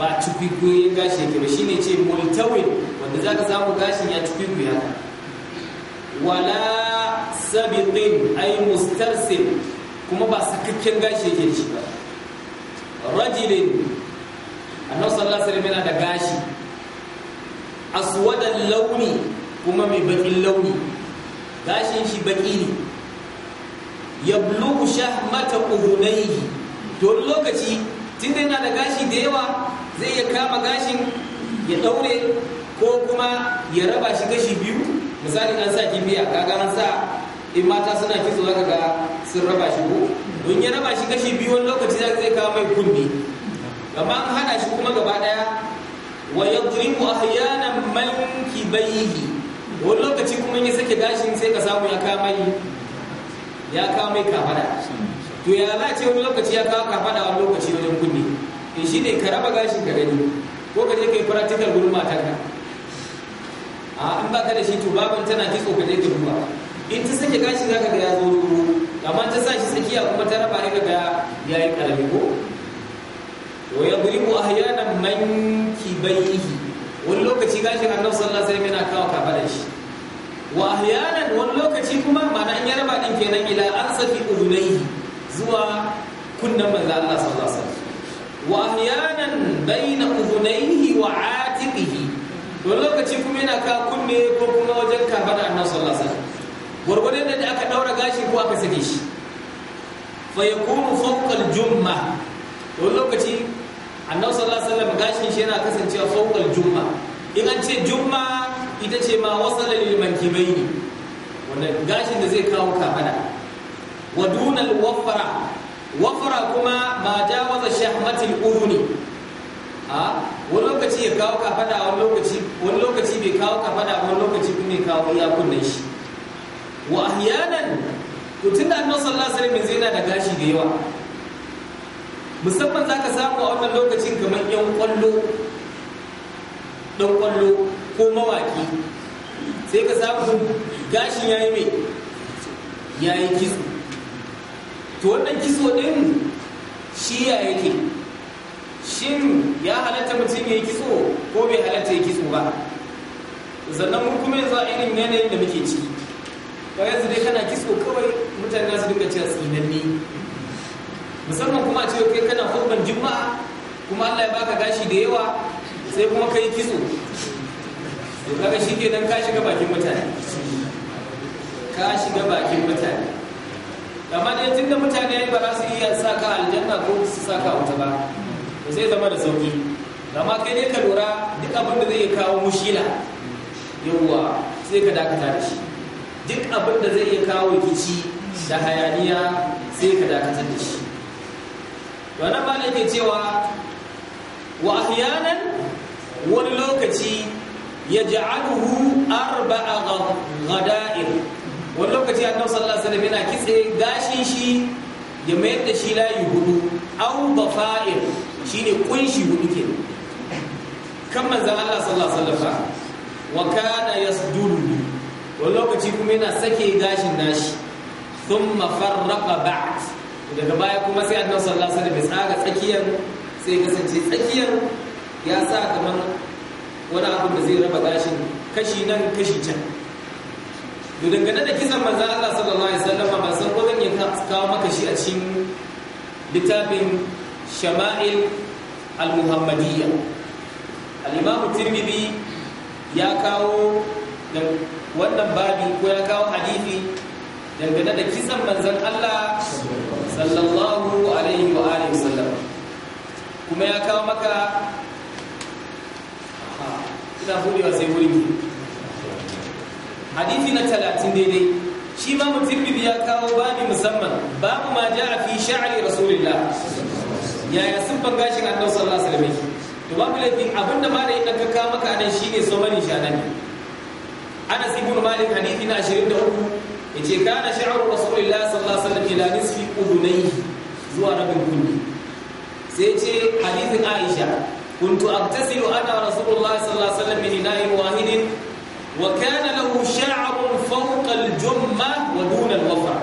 ba cikuikuyen gashi yake ba shine ce multawil wanda zaka samu gashi ya cikuikuya wala sabiqin ay mustarsil kuma ba su sakakken gashi yake da shi ba rajilin annabi sallallahu alaihi wasallam yana da gashi aswada launi kuma mai bakin launi gashin shi baƙi ne ya yablugu shahmata yi. to lokaci da yana da gashi da yawa zai iya kama gashin ya daure ko kuma ya raba shi gashi biyu misali an sa kibiya kaga an sa in mata suna kitso zaka ga sun raba shi ko don ya raba shi kashi biyu wani lokaci zaka zai kawo mai kunne amma an hada shi kuma gaba daya wa yadribu ahyana malki bayhi wani lokaci kuma ya sake gashin sai ka samu ya kawo mai ya kawo mai kafada to ya za ce wani lokaci ya kawo kafada wani lokaci wajen kunne in shi ne ka raba gashin ka gani ko ka je ka yi practical gurin a in ba ka da shi to baban tana kitso ka je ka duba in ta sake gashi za ka ga ya zo dubu amma ta sa shi tsakiya kuma ta raba ne daga ya yi ƙarami ko wa ya buri mu manki man ihi wani lokaci gashi a sallallahu alaihi wasallam yana kawo da shi wa ahyanan wani lokaci kuma mana an yi raba ɗin kenan ila an saki udunaihi zuwa kunnan manzo Allah sallallahu alaihi wasallam wa ahyanan baina udunaihi wa atiqihi wani lokaci kuma yana kawo kunne ko kuma wajen kafada da sallallahu alaihi wasallam gwargwadon da aka daura gashi ko aka sake shi fa ya kuma al-jumma wani lokaci annabi sallallahu alaihi wasallam gashin shi yana kasancewa fawqa jumma in an ce jumma ita ce ma wasala lil ne wannan gashin da zai kawo kafada wa duna wafara wafara wafra kuma ma jawaza shahmatil uruni a wani lokaci ya kawo kafada wani lokaci wani lokaci bai kawo kafada wani lokaci kuma ya kawo iyakunan shi wa ahyanan to tunda annabi sallallahu alaihi wasallam yana da gashi da yawa musamman zaka samu a wannan lokacin kamar yan kwallo dan kwallo ko mawaki sai ka samu gashin yayi mai yayi kitso to wannan kitso din shi ya yake shin ya halatta mutum ya yi kitso ko bai halatta ya kitso ba sannan mun kuma yanzu irin yanayin da muke ciki ba yanzu dai kana kisko kawai mutane su dinga cewa tsinanni musamman kuma ce kai kana hukumar juma'a kuma Allah ya baka gashi da yawa sai kuma kai kiso to kaga shi ke nan ka shiga bakin mutane ka shiga bakin mutane amma dai tun da mutane ba za su iya sa ka aljanna ko su sa ka wuta ba to zai zama da sauki amma kai ne ka lura duk abin da zai kawo mushila yawwa sai ka dakata da shi duk abin da zai iya kawo rikici da hayaniya sai ka dakatar da shi wannan ba yake cewa wa ahyanan wani lokaci ya ja'aluhu a ghada'ir wani lokaci annabi sallallahu alaihi wasallam yana kitse gashin shi ya mayar da shi layi hudu aw dafa'ir shine kunshi hudu ke kan manzon Allah sallallahu alaihi wa kana wani lokaci kuma yana sake gashin nashi sun mafarraka ba'd daga baya kuma sai annabi sallallahu alaihi bai ya tsaga tsakiyar sai kasance tsakiyar ya sa kamar wani abu da zai raba gashin kashi nan kashi can da dangane da kisan manzan Allah sallallahu alaihi wasallam ba san ko zan kawo maka shi a cikin littafin shama'il al-muhammadiyya al-imam tirmidhi ya kawo wannan babi ko ya kawo hadisi dangane da kisan manzon Allah sallallahu alaihi wa alihi wasallam kuma ya kawo maka ina sai hadisi na 30 daidai shi ma mutirmidhi ya kawo babi musamman babu ma ja'a fi sha'ri rasulillah yaya sun bangashin annabi sallallahu alaihi wasallam to babu laifin abinda ma da ya kawo maka nan shine so mani shanani anas ibn malik hadithi na 23 yace kana sha'ru rasulillah sallallahu alaihi wasallam ila nisfi udunayhi zuwa rabin kulli sai yace hadithin aisha kuntu agtasilu ana rasulullah sallallahu alaihi wasallam min ina'in wahidin wa kana lahu sha'run fawqa al-jumma wa duna al-wafa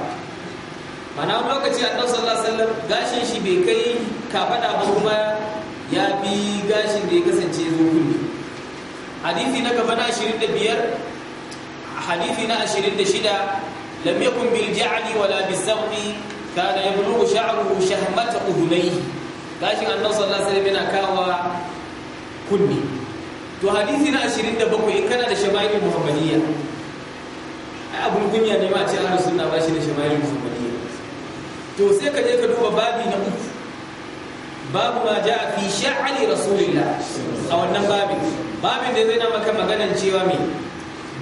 mana lokaci annabi sallallahu alaihi wasallam gashin shi bai kai kafada ba kuma ya bi gashin da ya kasance zo kulli hadithi na gaba na 25 حديث نا أشرين دشدا لم يكن بالجعل ولا بالزغم كان يبلغ شعره شهمة أذنيه لكن النبي صلى الله عليه وسلم كاوى kunni to hadisi na 27 in kana da shama'il muhammadiyya ai abun kunya ne ma a ce ahlus sunna da shama'il muhammadiyya to sai ka je ka duba babi na uku babu ma ja'a fi sha'ali rasulillah a wannan babin babin zai cewa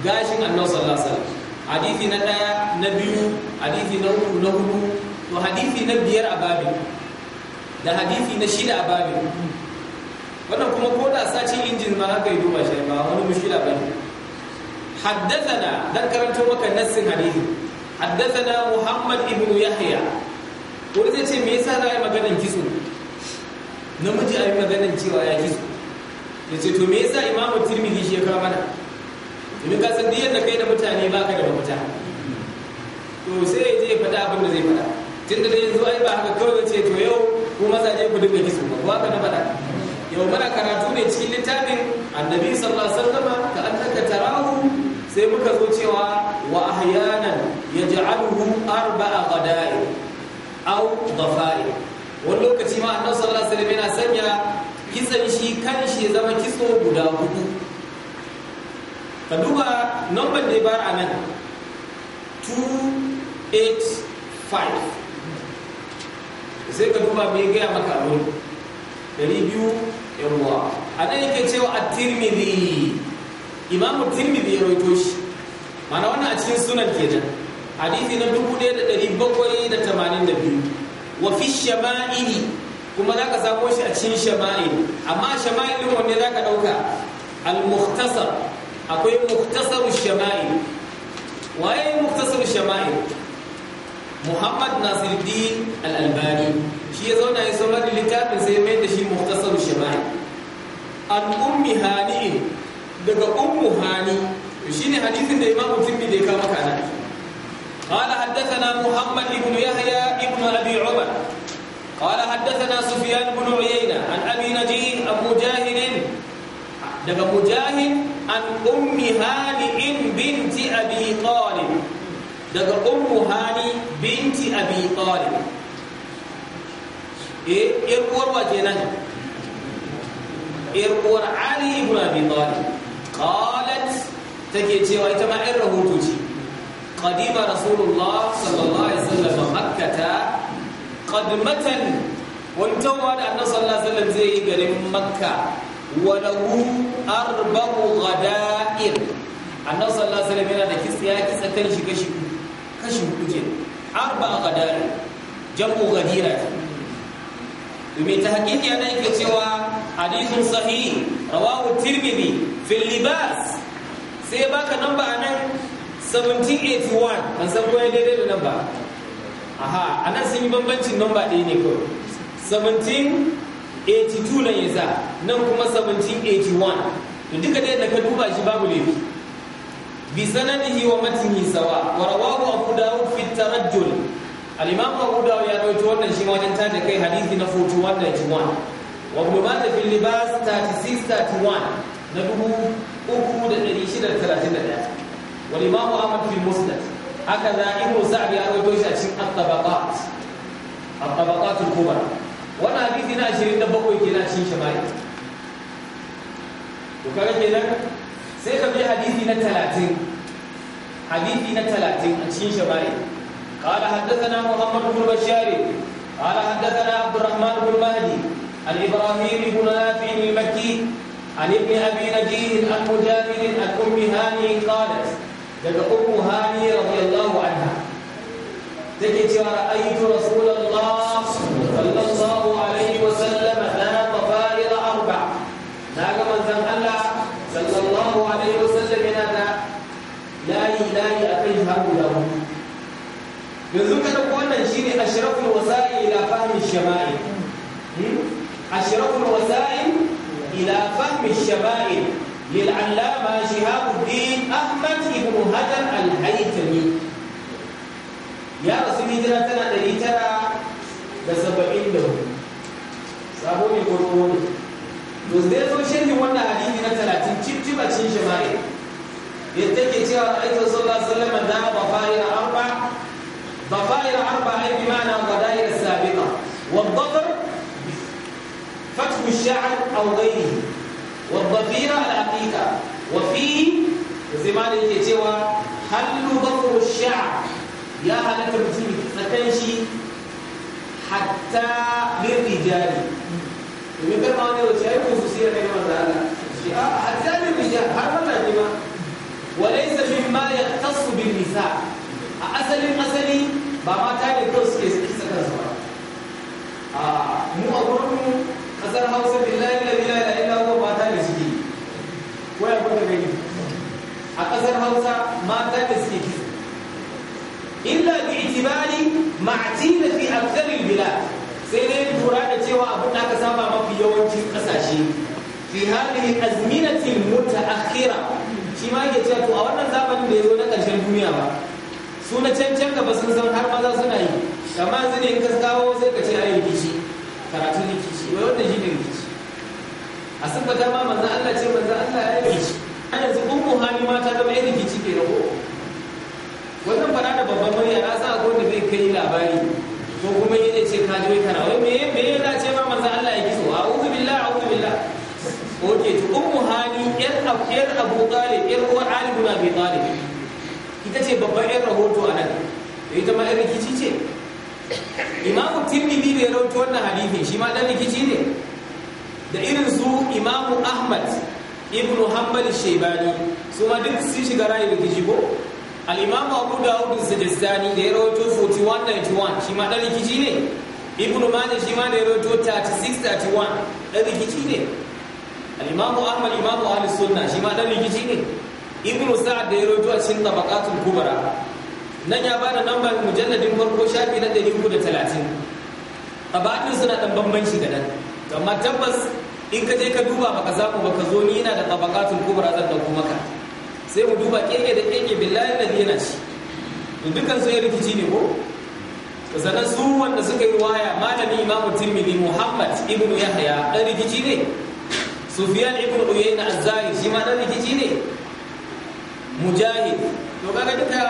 gashin annabi sallallahu alaihi wasallam hadisi na daya na biyu hadisi na uku na hudu to hadisi na biyar a babin da hadisi na shida a babin wannan kuma ko da sacin injin ma haka yi duba shi ba wani mushkila ba ne haddathana dan karanto maka nassin hadisi haddathana muhammad ibn yahya wani zai ce me yasa za a yi maganar kitso namiji a yi maganar cewa ya kitso ya ce to me yasa imamu tirmidhi shi ya kawo mana domin ka san diyan da kai da mutane ba ka da mafita to sai ya je ya faɗa abin da zai faɗa tun da yanzu zuwa ba haka kawai ce to yau ko mazaje ku dinga kisu ba kuwa ka da faɗa yau mana karatu ne cikin littafin annabi sallallahu alaihi wasallam ka annaka tarahu sai muka zo cewa wa ahyanan yaj'aluhu arba'a ghada'i aw dhafa'i wani lokaci ma annabi sallallahu alaihi wasallam yana sanya kisan shi kan shi zama kitso guda hudu ka duba number da ya bar a nan 285 sai ka duba mai gaya maka wani dari biyu yawwa a nan yake cewa a tirmidhi imamu tirmidhi ya roito shi mana wannan a cikin sunan kenan hadithi na 1782 wa fi shama'ili kuma za ka samo shi a cikin shama'il amma shama'ilin wanne za ka ɗauka al-mukhtasar akwai muktasar shama'il waye muktasar shama'il muhammad nasiruddin al shi ya zauna ya saurari littafin sai mai da shi muktasar shama'il an ummi daga ummu hani ne hadisin da imamu timmi da ya kama kana قال حدثنا محمد بن يحيى بن ابي عمر قال حدثنا سفيان بن عيينه عن ابي نجيب عن مجاهد دغ مجاهد an ummi hali'in binti abi talib daga ummu hali binti abi talib eh yar uwar wa kenan yar uwar ali ibn abi talib qalat take cewa ita ma ɗan rahoto ce qadima rasulullah sallallahu alaihi wasallam makkata qadmatan wani tawwa da annabi sallallahu alaihi wasallam zai yi garin makka walahu arba'u ghada'ir annabi sallallahu alaihi wasallam da kitse ya kitse kan shi kashi kashi kuje ke arba'a ghada'ir jam'u ghadira domin ta hakiki ana yake cewa hadithun sahih rawahu tirmidhi fil libas sai baka namba anan 1781 ban san ko daidai da namba aha anan sun yi bambancin namba ɗaya ne ko 17 82 nan ya sa nan kuma 1781 to duka dai da ka duba shi babu ne bi sanadihi wa matni sawa wa rawahu abu dawud fi tarajjul al-imam abu dawud ya rawaito wannan shi ma wajen tace kai hadisi na 41 wa ibn majah fi libas 3631 na dubu uku da 3631 wa imam ahmad fi musnad hakaza ibn sa'd ya rawaito shi a cikin at-tabaqat at-tabaqat al-kubra wani hadisi na ashirin da bakwai ke na cin shama'i to kaga kenan sai ka bi hadisi na talatin hadisi na talatin a cikin shama'i قال حدثنا محمد بن بشار قال حدثنا عبد الرحمن بن مهدي عن ابراهيم بن نافع المكي عن ابن ابي نجيه عن مجاهد عن ام هاني قالت daga ummu hani radiyallahu anha take cewa ra'aytu rasulullah yanzu ka dauko wannan shine ashraful wasa'i ila fahmi shama'il hmm? ashraful wasa'i ila fahmi shama'il للعلامة شهاب الدين أحمد بن هدر الهيثمي يا رسول الله تنا دري da saba'in da hudu sabo ne ko tsoho ne to zai zo shirin wannan hadisi na talatin cin shama'i yadda ke cewa aikin sallallahu alaihi wasallam da ba fa'ira arba ضفائر أربعة أي بمعنى الضفائر السابقة والضفر فتح الشعر أو غيره والضفيرة العقيقة وفيه زمان الكتوى حل ضفر الشعر يا هل ترتيب فتنشي حتى للرجال ومثل ما نرجعي خصوصية كما قال آه، حتى للرجال هذا ما نجمع وليس مما يختص بالنساء أسل أسلي ba mata ne kawai suke kisa su ba a mu a gurin kasar hausa billahi la ilaha illa huwa mata ne suke waya kuka gani a kasar hausa mata ne suke kisa illa bi itibari ma'tina fi akthar al sai dai tura da cewa abin da aka saba mafi yawancin kasashe fi hadhihi azminatin mutaakhira shi ma ke cewa to a wannan zamanin da zo na karshen duniya ba su na can can gaba sun san har maza suna yi amma zini in ka kawo sai ka ce ayi rikici karatun rikici wai wannan shi ne rikici a sun ba dama manzan Allah ce manzan Allah ya yi rikici a yanzu ummu hali ma ta zama yin rikici ke rago wannan fara da babban murya na sa ko da zai kai labari ko kuma ya ce ka je kana wai me me ya ce ma manzan Allah ya kiso a'udhu billah a'udhu billah oke to ummu hali yar abu yar abu talib yar uwar ali bin abi talib ita ce babban yan rahoto a nan ita ma yan rikici ce imamu tirmidhi da ya rawaito wannan hadithi shi ma dan rikici ne da irin su imamu ahmad ibn hanbal shaybani su ma duk sun shiga rayu rikici ko al-imam abu dawud as-sijistani da ya rawaito 4191 shi ma dan rikici ne ibn majah shi ma da ya rawaito 3631 dan rikici ne al-imam ahmad imam ahlus sunna shi ma dan rikici ne ibnu sa'ad da ya rawaito a cikin tabaqatul kubra nan ya bada namba mujalladin farko shafi na 330 tabaqin suna dan bambanci da nan amma tabbas in ka je ka duba baka samu baka zo ni ina da tabaqatul kubra zan dauko maka sai mu duba keke da keke billahi ladhi yana shi to dukan su ya rikici ne ko sannan su wanda suka yi waya malami imamu timmini muhammad ibnu yahya dan rikici ne sufyan ibnu uyayna az-zahiri shi ma dan rikici ne mujahid to kaga duka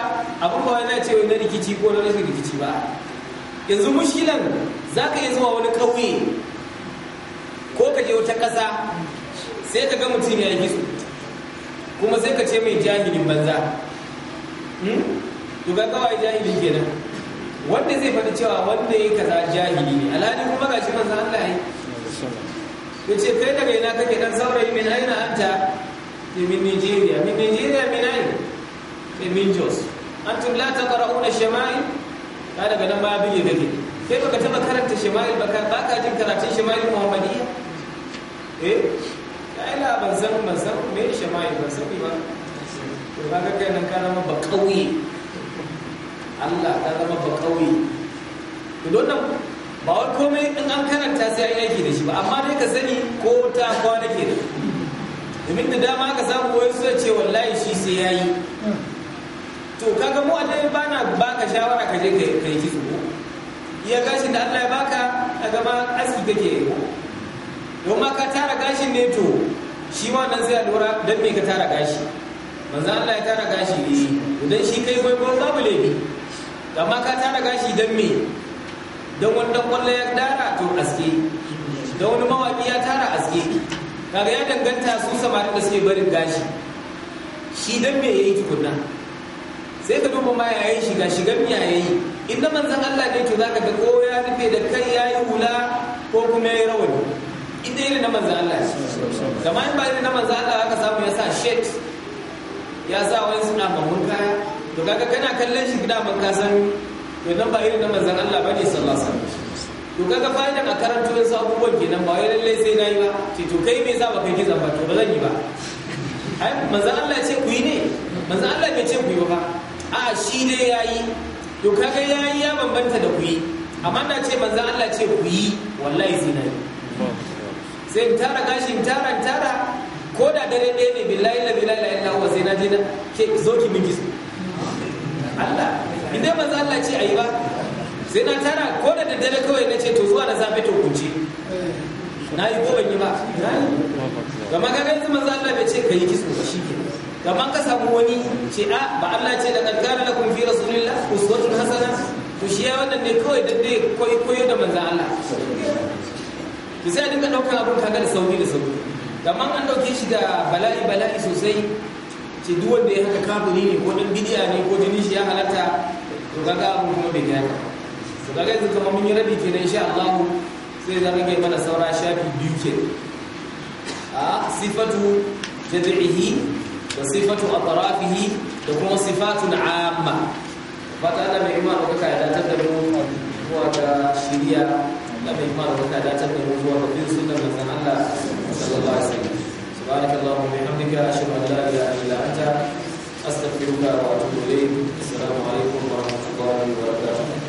abin ba wani ce wani rikici ko na rikici ba yanzu mushkilan za ka iya zuwa wani ƙauye ko ka je wata ƙasa sai ka ga mutum ya yi kuma sai ka ce mai jahilin banza hmm? to ga kawai jahilin kenan wanda zai faɗi cewa wanda ya kaza jahili ne alhali kuma ga shi manzo Allah ya ce kai daga ina kake dan saurayi min aina anta من نيجيريا من نيجيريا من أين؟ من جوز أنتم لا تقرؤون الشمائل هذا بنا ما بيجي ذكي كيف كتب كرت الشمائل بكا باكا جيب كرت الشمائل المحمدية إيه؟ لا بنزم بنزم مين شمائل بنزم إيمان kaga kai nan ka zama ba kauye Allah ka zama ba kauye to don nan ba wai komai in an karanta sai an yake da shi ba amma dai ka sani ko ta kwana domin da dama aka samu wani su ce wallahi shi sai ya yi to kaga mu a dai bana baka shawara ka je ka yi ko. iya gashin da Allah ya baka a gaba aski kake yi don ma ka tara gashin ne to shi ma nan sai a lura don me ka tara gashi manzo Allah ya tara gashi ne idan shi kai gwaigwayo babu laifi amma ka tara gashi don me don wanda dan kwallo ya tara to aske don wani mawaki ya tara aske kaga ya danganta su samarin da suke barin gashi shi dan me yayi tukunna sai ka duba ma yayin shiga shigan ya yayi inda manzon Allah ne to zaka ga ko ya rufe da kai yayi hula ko kuma yayi rawani idan ne na manzon Allah kama in ba irin na manzon Allah aka samu ya sa shirt ya sa wani suna mamun kaya to kaga kana kallon shi gida man ka san to nan ba irin na manzon Allah bane sallallahu alaihi wasallam to kaga fa'idan a karanto yanzu abubuwan kenan ba wai lallai sai na yi ba ce to kai me za ba kai gizan ba to ba zan yi ba ai manzo Allah ya ce ku yi ne manzo Allah bai ce ku yi ba a shi ne yayi to kaga yayi ya bambanta da ku yi amma na ce manzo Allah ce ku yi wallahi sai na yi sai in tara gashin tara tara ko da dare ɗaya ne billahi la billahi la ilaha wa sai na je na ke zo ki min Allah idan manzo Allah ce ayi ba sai na tara ko da daddare kawai na ce to zuwa da safe to kuce na yi ko ban ba gama ka ga Allah bai ce ka yi kitso ba gama ka samu wani ce a ah, ba Allah ce da kalkara lakum fi rasulillah uswatun hasana to shi ya wannan ne kawai dai koyi koyo da manza Allah ki sai dinka daukar abun kaga da sauri da sauri gama an ɗauke shi da bala'i bala'i sosai ce duk wanda ya haka kafiri ne ko dan bidiya ne ko jini shi ya halatta to kaga abun kuma bai gaya daga yanzu kamar mun yi rabi ke nan Allah sai zan rage mana saura shafi biyu ke a sifatu jad'ihi da sifatu atrafihi da kuma sifatun amma fata da mai imanu kuka ya datar da mu zuwa ga shiriya da mai imanu kuka ya datar da mu zuwa ga bin sunan manzon Allah sallallahu alaihi wasallam subhanakallahumma wa bihamdika ashhadu an la ilaha illa anta أستغفرك وأتوب إليك السلام عليكم ورحمة الله وبركاته